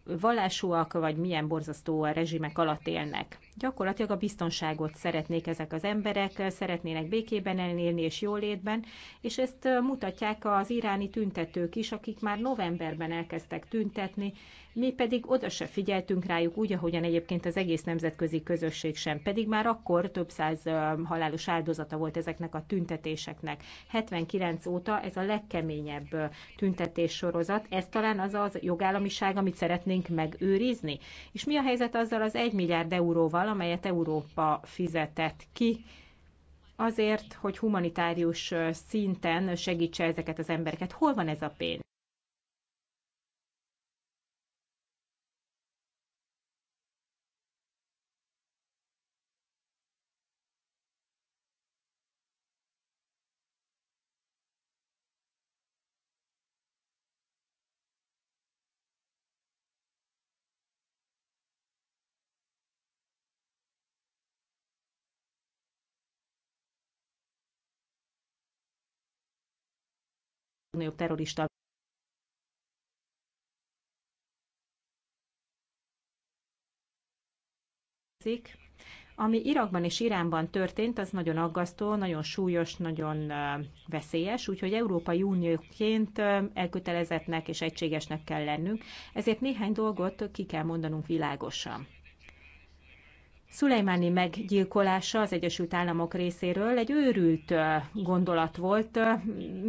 vallásúak, vagy milyen borzasztó rezsimek alatt élnek. Gyakorlatilag a biztonságot szeretnék ezek az emberek, szeretnének békében elnélni és jólétben, és ezt mutatják az iráni tüntetők is, akik már novemberben elkezdtek tüntetni, mi pedig oda se figyeltünk rájuk, úgy, ahogyan egyébként az egész nemzetközi közösség sem, pedig már akkor több száz halálos áldozata volt ezeknek a tüntetéseknek. 79 óta ez a legkeményebb tüntetés sorozat, ez talán az az jogállamiság, amit szeretnénk megőrizni. És mi a helyzet azzal az 1 milliárd euróval, díjakkal, amelyet Európa fizetett ki, azért, hogy humanitárius szinten segítse ezeket az embereket. Hol van ez a pénz? legnagyobb terrorista Ami Irakban és Iránban történt, az nagyon aggasztó, nagyon súlyos, nagyon veszélyes, úgyhogy Európai Unióként elkötelezettnek és egységesnek kell lennünk, ezért néhány dolgot ki kell mondanunk világosan. Szulejmáni meggyilkolása az Egyesült Államok részéről egy őrült gondolat volt,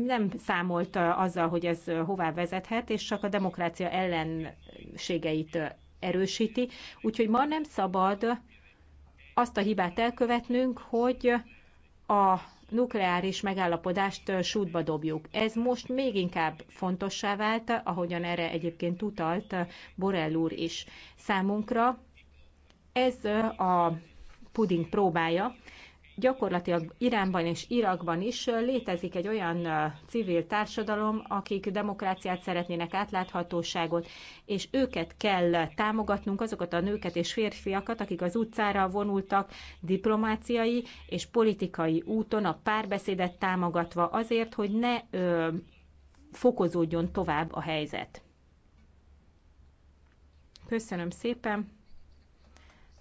nem számolt azzal, hogy ez hová vezethet, és csak a demokrácia ellenségeit erősíti. Úgyhogy ma nem szabad azt a hibát elkövetnünk, hogy a nukleáris megállapodást sútba dobjuk. Ez most még inkább fontossá vált, ahogyan erre egyébként utalt Borrell úr is. Számunkra ez a puding próbája. Gyakorlatilag Iránban és Irakban is létezik egy olyan civil társadalom, akik demokráciát szeretnének, átláthatóságot, és őket kell támogatnunk, azokat a nőket és férfiakat, akik az utcára vonultak diplomáciai és politikai úton a párbeszédet támogatva azért, hogy ne ö, fokozódjon tovább a helyzet. Köszönöm szépen!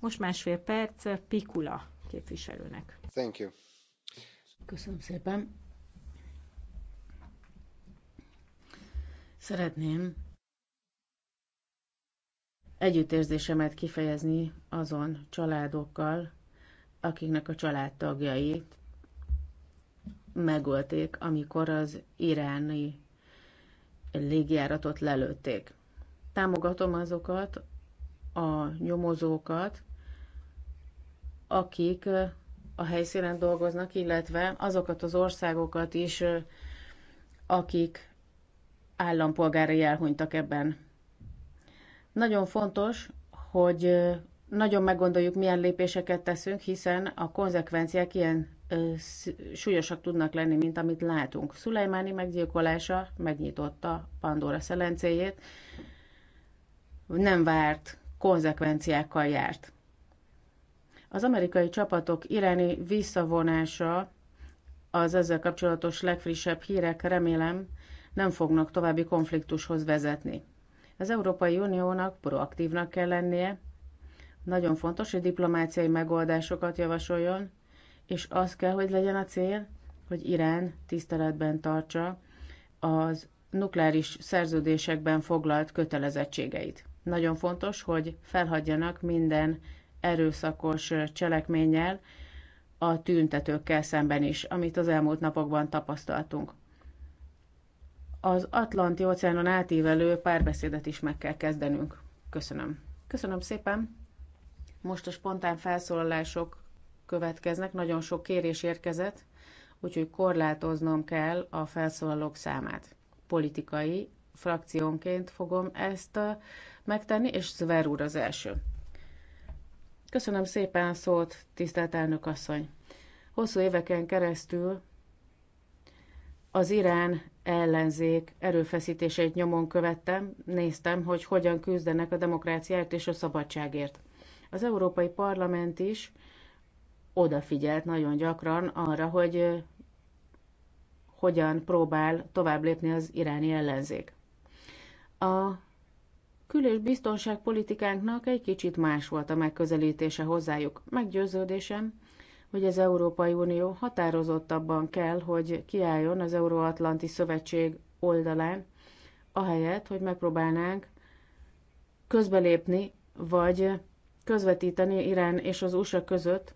Most másfél perc Pikula képviselőnek. Thank you. Köszönöm szépen. Szeretném együttérzésemet kifejezni azon családokkal, akiknek a családtagjait megölték, amikor az iráni légjáratot lelőtték. Támogatom azokat a nyomozókat, akik a helyszínen dolgoznak, illetve azokat az országokat is, akik állampolgárai elhunytak ebben. Nagyon fontos, hogy nagyon meggondoljuk, milyen lépéseket teszünk, hiszen a konzekvenciák ilyen súlyosak tudnak lenni, mint amit látunk. Szulajmáni meggyilkolása megnyitotta Pandora szelencéjét, nem várt konzekvenciákkal járt. Az amerikai csapatok iráni visszavonása az ezzel kapcsolatos legfrissebb hírek remélem nem fognak további konfliktushoz vezetni. Az Európai Uniónak proaktívnak kell lennie, nagyon fontos, hogy diplomáciai megoldásokat javasoljon, és az kell, hogy legyen a cél, hogy Irán tiszteletben tartsa az nukleáris szerződésekben foglalt kötelezettségeit. Nagyon fontos, hogy felhagyjanak minden erőszakos cselekménnyel a tüntetőkkel szemben is, amit az elmúlt napokban tapasztaltunk. Az Atlanti óceánon átívelő párbeszédet is meg kell kezdenünk. Köszönöm. Köszönöm szépen. Most a spontán felszólalások következnek, nagyon sok kérés érkezett, úgyhogy korlátoznom kell a felszólalók számát. Politikai frakciónként fogom ezt megtenni, és Zver úr az első. Köszönöm szépen szót, tisztelt elnök asszony. Hosszú éveken keresztül az Irán ellenzék erőfeszítéseit nyomon követtem, néztem, hogy hogyan küzdenek a demokráciáért és a szabadságért. Az Európai Parlament is odafigyelt nagyon gyakran arra, hogy hogyan próbál tovább lépni az iráni ellenzék. A kül- és biztonságpolitikánknak egy kicsit más volt a megközelítése hozzájuk. Meggyőződésem, hogy az Európai Unió határozottabban kell, hogy kiálljon az Euróatlanti Szövetség oldalán, ahelyett, hogy megpróbálnánk közbelépni, vagy közvetíteni Irán és az USA között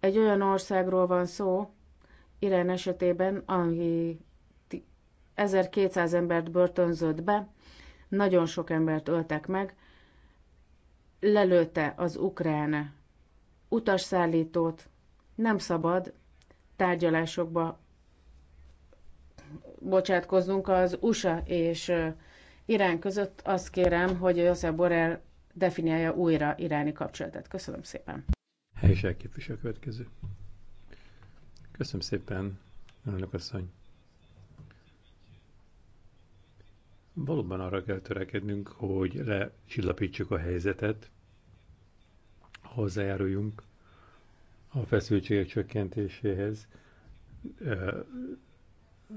egy olyan országról van szó, Irán esetében, ami 1200 embert börtönzött be, nagyon sok embert öltek meg, lelőtte az ukrán utasszállítót, nem szabad tárgyalásokba bocsátkoznunk az USA és Irán között. Azt kérem, hogy Josep Borrell definiálja újra iráni kapcsolatot Köszönöm szépen. Helyiság képviselő következő. Köszönöm szépen, önök asszony. Valóban arra kell törekednünk, hogy lecsillapítsuk a helyzetet, hozzájáruljunk a feszültségek csökkentéséhez,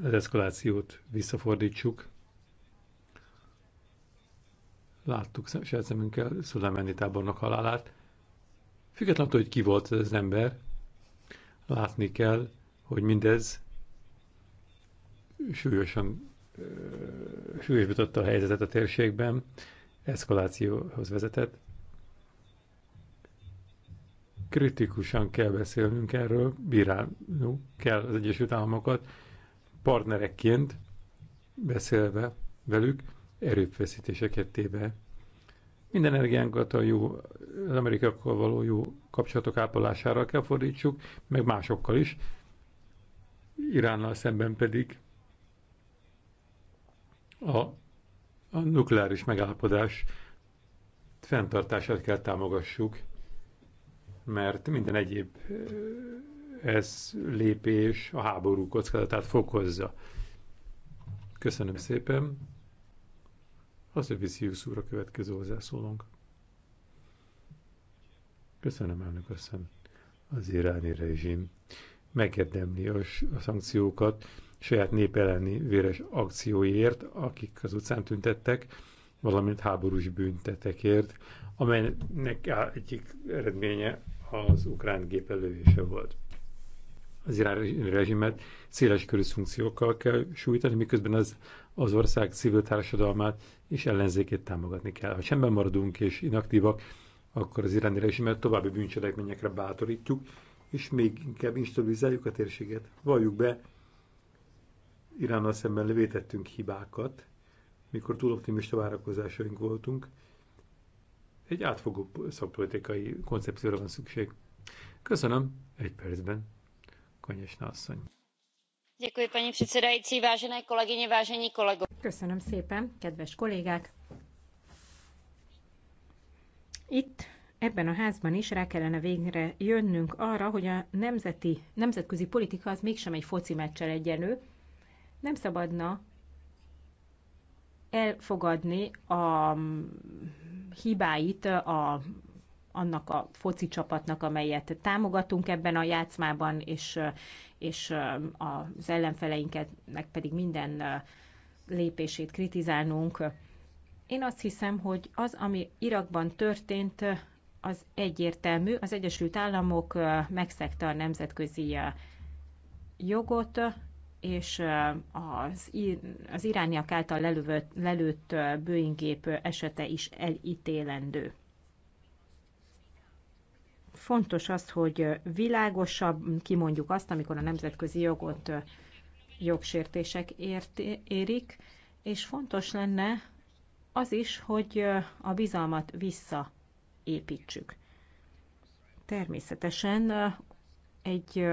az eszkalációt visszafordítsuk. Láttuk saját szemünkkel Szulemenni tábornok halálát. Függetlenül, hogy ki volt az ember, látni kell, hogy mindez súlyosan súlyosbította a helyzetet a térségben, eszkalációhoz vezetett. Kritikusan kell beszélnünk erről, bírálnunk kell az Egyesült Államokat, partnerekként beszélve velük, erőfeszítéseket téve. Minden energiánkat a jó, az amerikakkal való jó kapcsolatok ápolására kell fordítsuk, meg másokkal is. Iránnal szemben pedig a, a nukleáris megállapodás fenntartását kell támogassuk, mert minden egyéb eh, ez lépés a háború kockázatát fokozza. Köszönöm szépen. Az Övicius úr a következő hozzászólónk. Köszönöm, elnök asszony. Az iráni rezsim megérdemli a, a szankciókat, saját nép elleni véres akcióiért, akik az utcán tüntettek, valamint háborús büntetekért, amelynek egyik eredménye az ukrán gépelővése volt. Az irán rezsimet széles körű funkciókkal kell sújtani, miközben az, az ország civil társadalmát és ellenzékét támogatni kell. Ha semben maradunk és inaktívak, akkor az iráni rezsimet további bűncselekményekre bátorítjuk, és még inkább instabilizáljuk a térséget. Valljuk be, Iránnal szemben levétettünk hibákat, mikor túl optimista várakozásaink voltunk. Egy átfogó szakpolitikai koncepcióra van szükség. Köszönöm, egy percben. Konyesna asszony. paní předsedající, vážené kolegyně, vážení kolego. Köszönöm szépen, kedves kollégák! Itt ebben a házban is rá kellene végre jönnünk arra, hogy a nemzeti, nemzetközi politika az mégsem egy foci meccsel egyenlő, nem szabadna elfogadni a mm, hibáit a, annak a foci csapatnak, amelyet támogatunk ebben a játszmában, és, és mm, az meg pedig minden mm, lépését kritizálnunk. Én azt hiszem, hogy az, ami Irakban történt, az egyértelmű. Az Egyesült Államok megszegte a nemzetközi jogot, és az, az irániak által lelőtt, lelőtt Boeing gép esete is elítélendő. Fontos az, hogy világosabb kimondjuk azt, amikor a nemzetközi jogot jogsértések ért, érik, és fontos lenne az is, hogy a bizalmat visszaépítsük. Természetesen egy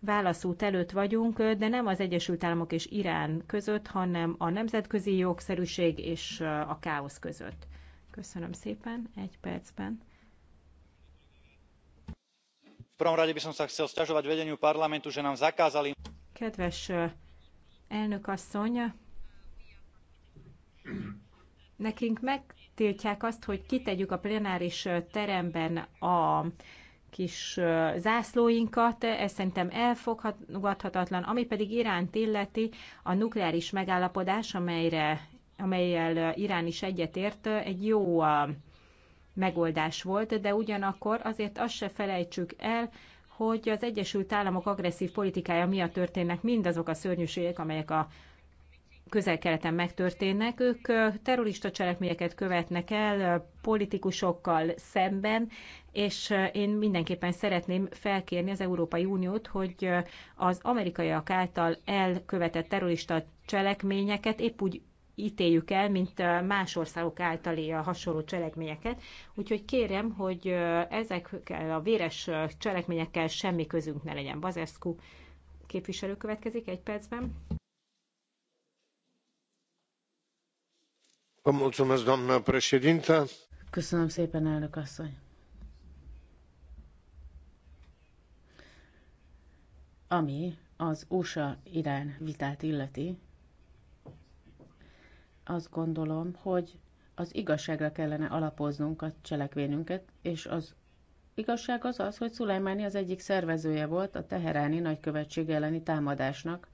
válaszút előtt vagyunk, de nem az Egyesült Államok és Irán között, hanem a nemzetközi jogszerűség és uh, a káosz között. Köszönöm szépen, egy percben. Kedves uh, elnök asszony, nekünk megtiltják azt, hogy kitegyük a plenáris uh, teremben a kis zászlóinkat, ez szerintem elfogadhatatlan, ami pedig Iránt illeti a nukleáris megállapodás, amelyre, amelyel Irán is egyetért, egy jó megoldás volt, de ugyanakkor azért azt se felejtsük el, hogy az Egyesült Államok agresszív politikája miatt történnek mindazok a szörnyűségek, amelyek a közel-keleten megtörténnek. Ők terrorista cselekményeket követnek el politikusokkal szemben, és én mindenképpen szeretném felkérni az Európai Uniót, hogy az amerikaiak által elkövetett terrorista cselekményeket épp úgy ítéljük el, mint más országok általé a hasonló cselekményeket. Úgyhogy kérem, hogy ezekkel a véres cselekményekkel semmi közünk ne legyen. Bazescu képviselő következik egy percben. doamnă președintă köszönöm szépen ami az usa irán vitát illeti azt gondolom hogy az igazságra kellene alapoznunk a cselekvényünket és az igazság az az hogy szulajmáni az egyik szervezője volt a teheráni nagykövetség elleni támadásnak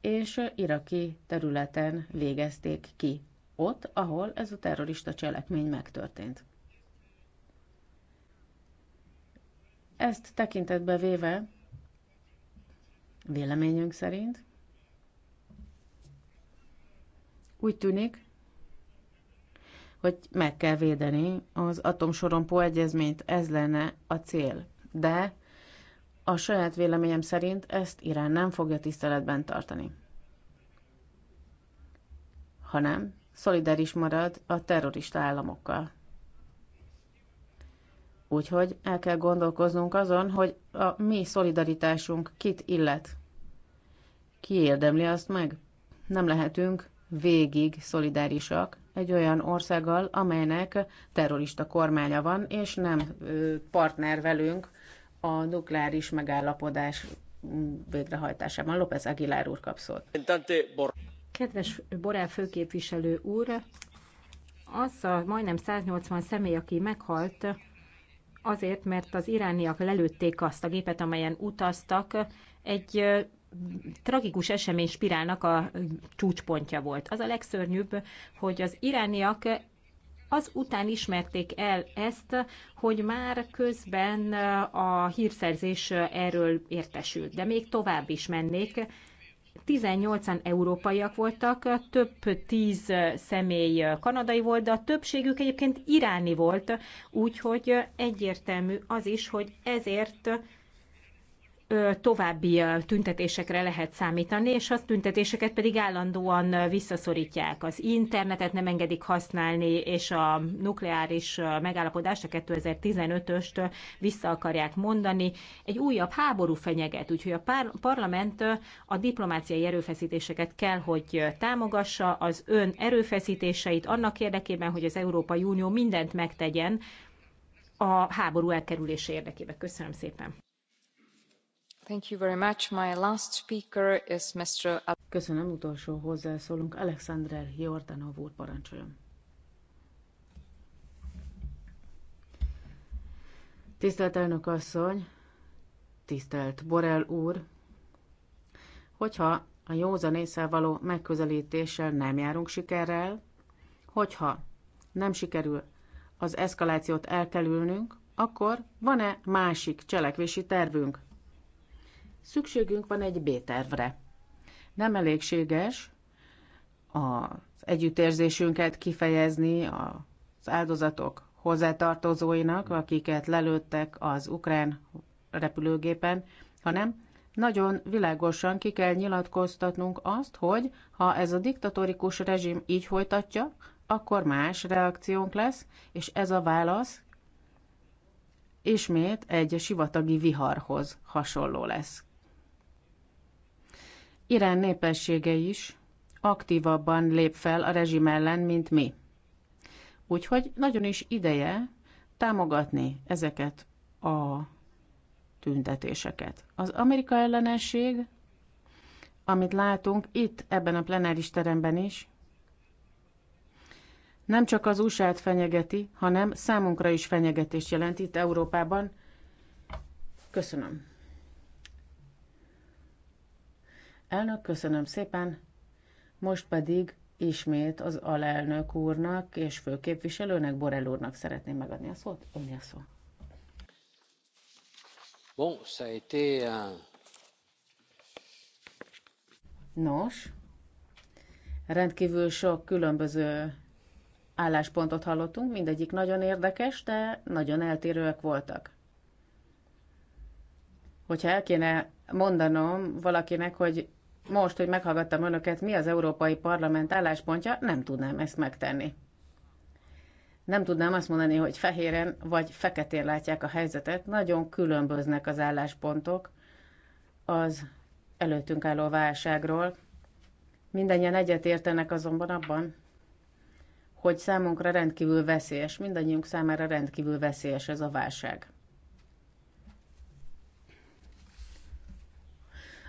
és iraki területen végezték ki ott, ahol ez a terrorista cselekmény megtörtént. Ezt tekintetbe véve, véleményünk szerint, úgy tűnik, hogy meg kell védeni az atomsorompó egyezményt, ez lenne a cél. De a saját véleményem szerint ezt Irán nem fogja tiszteletben tartani. Hanem szolidáris marad a terrorista államokkal. Úgyhogy el kell gondolkoznunk azon, hogy a mi szolidaritásunk kit illet. Ki érdemli azt meg? Nem lehetünk végig szolidárisak egy olyan országgal, amelynek terrorista kormánya van, és nem partner velünk a nukleáris megállapodás végrehajtásában. López Aguilar úr kap szót. Kedves Borel főképviselő úr, az a majdnem 180 személy, aki meghalt, azért, mert az irániak lelőtték azt a gépet, amelyen utaztak, egy tragikus esemény spirálnak a csúcspontja volt. Az a legszörnyűbb, hogy az irániak az után ismerték el ezt, hogy már közben a hírszerzés erről értesült. De még tovább is mennék, 18-an európaiak voltak, több tíz személy kanadai volt, de a többségük egyébként iráni volt, úgyhogy egyértelmű az is, hogy ezért további tüntetésekre lehet számítani, és a tüntetéseket pedig állandóan visszaszorítják. Az internetet nem engedik használni, és a nukleáris megállapodást, a 2015-öst vissza akarják mondani. Egy újabb háború fenyeget, úgyhogy a parlament a diplomáciai erőfeszítéseket kell, hogy támogassa az ön erőfeszítéseit annak érdekében, hogy az Európai Unió mindent megtegyen a háború elkerülése érdekében. Köszönöm szépen! Köszönöm, utolsó hozzászólunk. Alexander Jordanov úr, parancsoljon. Tisztelt elnök asszony, tisztelt Borrell úr, hogyha a józan észre való megközelítéssel nem járunk sikerrel, hogyha nem sikerül az eszkalációt elkerülnünk, akkor van-e másik cselekvési tervünk? Szükségünk van egy B-tervre. Nem elégséges az együttérzésünket kifejezni az áldozatok hozzátartozóinak, akiket lelőttek az ukrán repülőgépen, hanem nagyon világosan ki kell nyilatkoztatnunk azt, hogy ha ez a diktatórikus rezsim így folytatja, akkor más reakciónk lesz, és ez a válasz ismét egy sivatagi viharhoz hasonló lesz. Irán népessége is aktívabban lép fel a rezsim ellen, mint mi. Úgyhogy nagyon is ideje támogatni ezeket a tüntetéseket. Az Amerika ellenesség, amit látunk itt, ebben a plenáris teremben is, nem csak az usa fenyegeti, hanem számunkra is fenyegetést jelent itt Európában. Köszönöm. Elnök, köszönöm szépen. Most pedig ismét az alelnök úrnak és főképviselőnek, Borel úrnak szeretném megadni a szót. Önni a szó. Bon, ça a été Nos, rendkívül sok különböző álláspontot hallottunk, mindegyik nagyon érdekes, de nagyon eltérőek voltak. Hogyha el kéne mondanom valakinek, hogy most, hogy meghallgattam önöket, mi az Európai Parlament álláspontja, nem tudnám ezt megtenni. Nem tudnám azt mondani, hogy fehéren vagy feketén látják a helyzetet, nagyon különböznek az álláspontok az előttünk álló válságról. Mindennyien egyetértenek azonban abban, hogy számunkra rendkívül veszélyes, mindannyiunk számára rendkívül veszélyes ez a válság.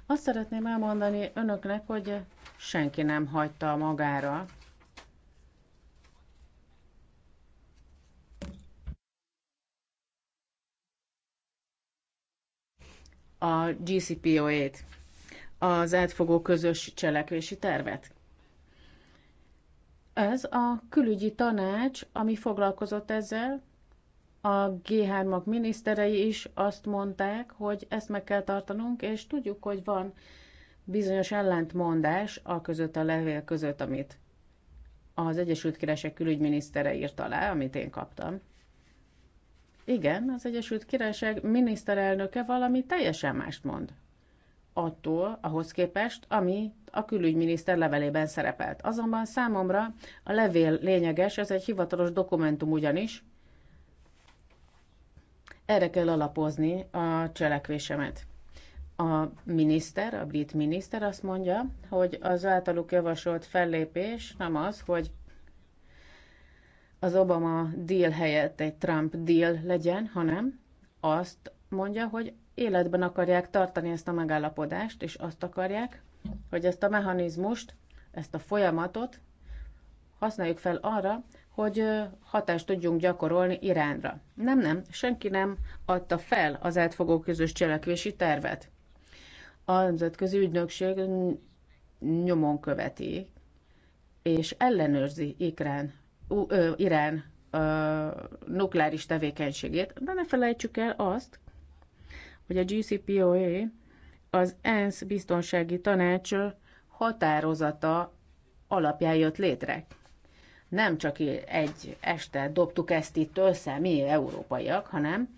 Azt szeretném elmondani önöknek, hogy senki nem hagyta magára a GCPOA-t, az átfogó közös cselekvési tervet. Ez a külügyi tanács, ami foglalkozott ezzel, a G3-ak miniszterei is azt mondták, hogy ezt meg kell tartanunk, és tudjuk, hogy van bizonyos ellentmondás a között a levél között, amit az Egyesült Királyság külügyminisztere írt alá, amit én kaptam. Igen, az Egyesült Királyság miniszterelnöke valami teljesen mást mond. Attól, ahhoz képest, ami a külügyminiszter levelében szerepelt. Azonban számomra a levél lényeges, ez egy hivatalos dokumentum ugyanis, erre kell alapozni a cselekvésemet. A miniszter, a brit miniszter azt mondja, hogy az általuk javasolt fellépés nem az, hogy az Obama deal helyett egy Trump deal legyen, hanem azt mondja, hogy életben akarják tartani ezt a megállapodást, és azt akarják, hogy ezt a mechanizmust, ezt a folyamatot használjuk fel arra, hogy hatást tudjunk gyakorolni Iránra. Nem, nem, senki nem adta fel az átfogó közös cselekvési tervet. A Nemzetközi Ügynökség nyomon követi és ellenőrzi Ikrán, ú, ö, Irán ö, nukleáris tevékenységét, de ne felejtsük el azt, hogy a GCPOA az ENSZ biztonsági tanács határozata alapján jött létre nem csak egy este dobtuk ezt itt össze, mi európaiak, hanem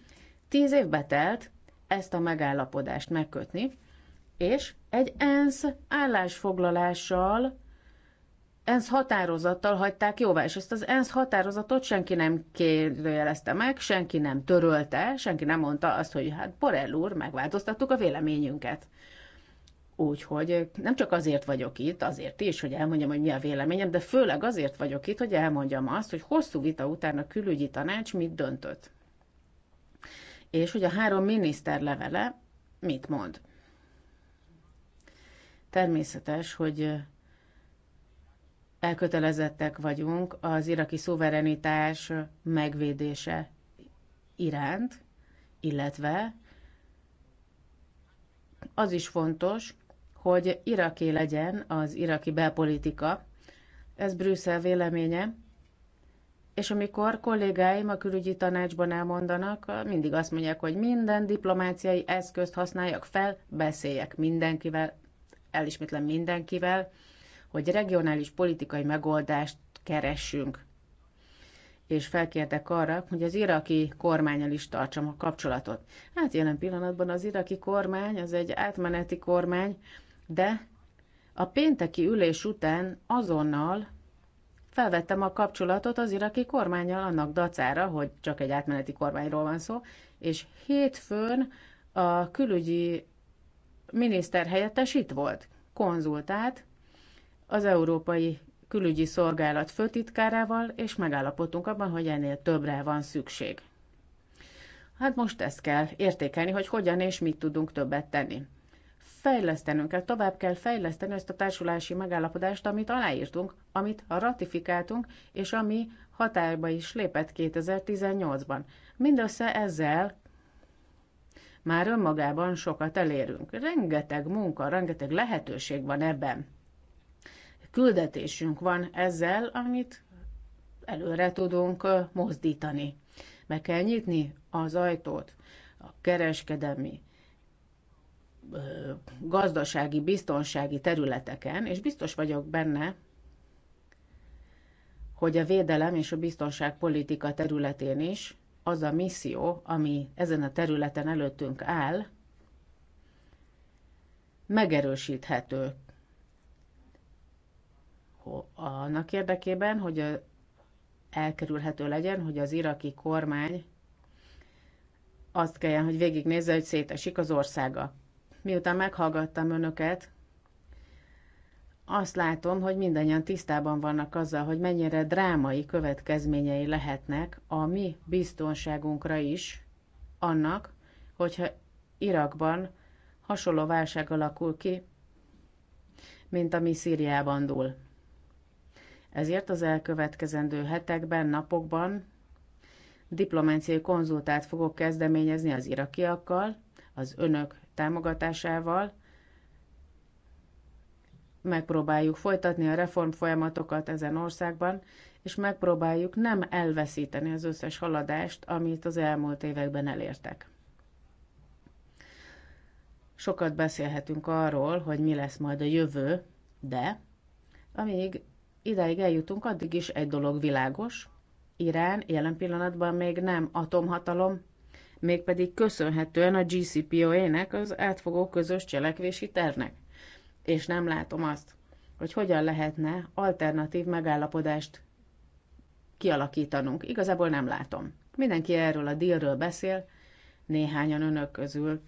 tíz évbe telt ezt a megállapodást megkötni, és egy ENSZ állásfoglalással, ENSZ határozattal hagyták jóvá, és ezt az ENSZ határozatot senki nem kérdőjelezte meg, senki nem törölte, senki nem mondta azt, hogy hát Borrell úr, megváltoztattuk a véleményünket. Úgyhogy nem csak azért vagyok itt, azért is, hogy elmondjam, hogy mi a véleményem, de főleg azért vagyok itt, hogy elmondjam azt, hogy hosszú vita után a külügyi tanács mit döntött. És hogy a három miniszter levele mit mond. Természetes, hogy elkötelezettek vagyunk az iraki szuverenitás megvédése iránt, illetve az is fontos, hogy iraki legyen az iraki belpolitika. Ez Brüsszel véleménye. És amikor kollégáim a külügyi tanácsban elmondanak, mindig azt mondják, hogy minden diplomáciai eszközt használjak fel, beszéljek mindenkivel, elismétlem mindenkivel, hogy regionális politikai megoldást keressünk. És felkértek arra, hogy az iraki kormányal is tartsam a kapcsolatot. Hát jelen pillanatban az iraki kormány az egy átmeneti kormány, de a pénteki ülés után azonnal felvettem a kapcsolatot az iraki kormányjal annak dacára, hogy csak egy átmeneti kormányról van szó, és hétfőn a külügyi miniszter helyettes itt volt, konzultált az Európai Külügyi Szolgálat főtitkárával, és megállapodtunk abban, hogy ennél többre van szükség. Hát most ezt kell értékelni, hogy hogyan és mit tudunk többet tenni fejlesztenünk kell, tovább kell fejleszteni ezt a társulási megállapodást, amit aláírtunk, amit ratifikáltunk, és ami hatályba is lépett 2018-ban. Mindössze ezzel már önmagában sokat elérünk. Rengeteg munka, rengeteg lehetőség van ebben. Küldetésünk van ezzel, amit előre tudunk mozdítani. Meg kell nyitni az ajtót a kereskedelmi gazdasági, biztonsági területeken, és biztos vagyok benne, hogy a védelem és a biztonságpolitika területén is az a misszió, ami ezen a területen előttünk áll, megerősíthető annak érdekében, hogy elkerülhető legyen, hogy az iraki kormány azt kelljen, hogy végignézze, hogy szétesik az országa miután meghallgattam önöket, azt látom, hogy mindannyian tisztában vannak azzal, hogy mennyire drámai következményei lehetnek a mi biztonságunkra is annak, hogyha Irakban hasonló válság alakul ki, mint ami Szíriában dúl. Ezért az elkövetkezendő hetekben, napokban diplomáciai konzultát fogok kezdeményezni az irakiakkal, az önök támogatásával megpróbáljuk folytatni a reform folyamatokat ezen országban, és megpróbáljuk nem elveszíteni az összes haladást, amit az elmúlt években elértek. Sokat beszélhetünk arról, hogy mi lesz majd a jövő, de amíg idáig eljutunk, addig is egy dolog világos. Irán jelen pillanatban még nem atomhatalom, mégpedig köszönhetően a GCPOA-nek, az átfogó közös cselekvési tervnek. És nem látom azt, hogy hogyan lehetne alternatív megállapodást kialakítanunk. Igazából nem látom. Mindenki erről a dílről beszél, néhányan önök közül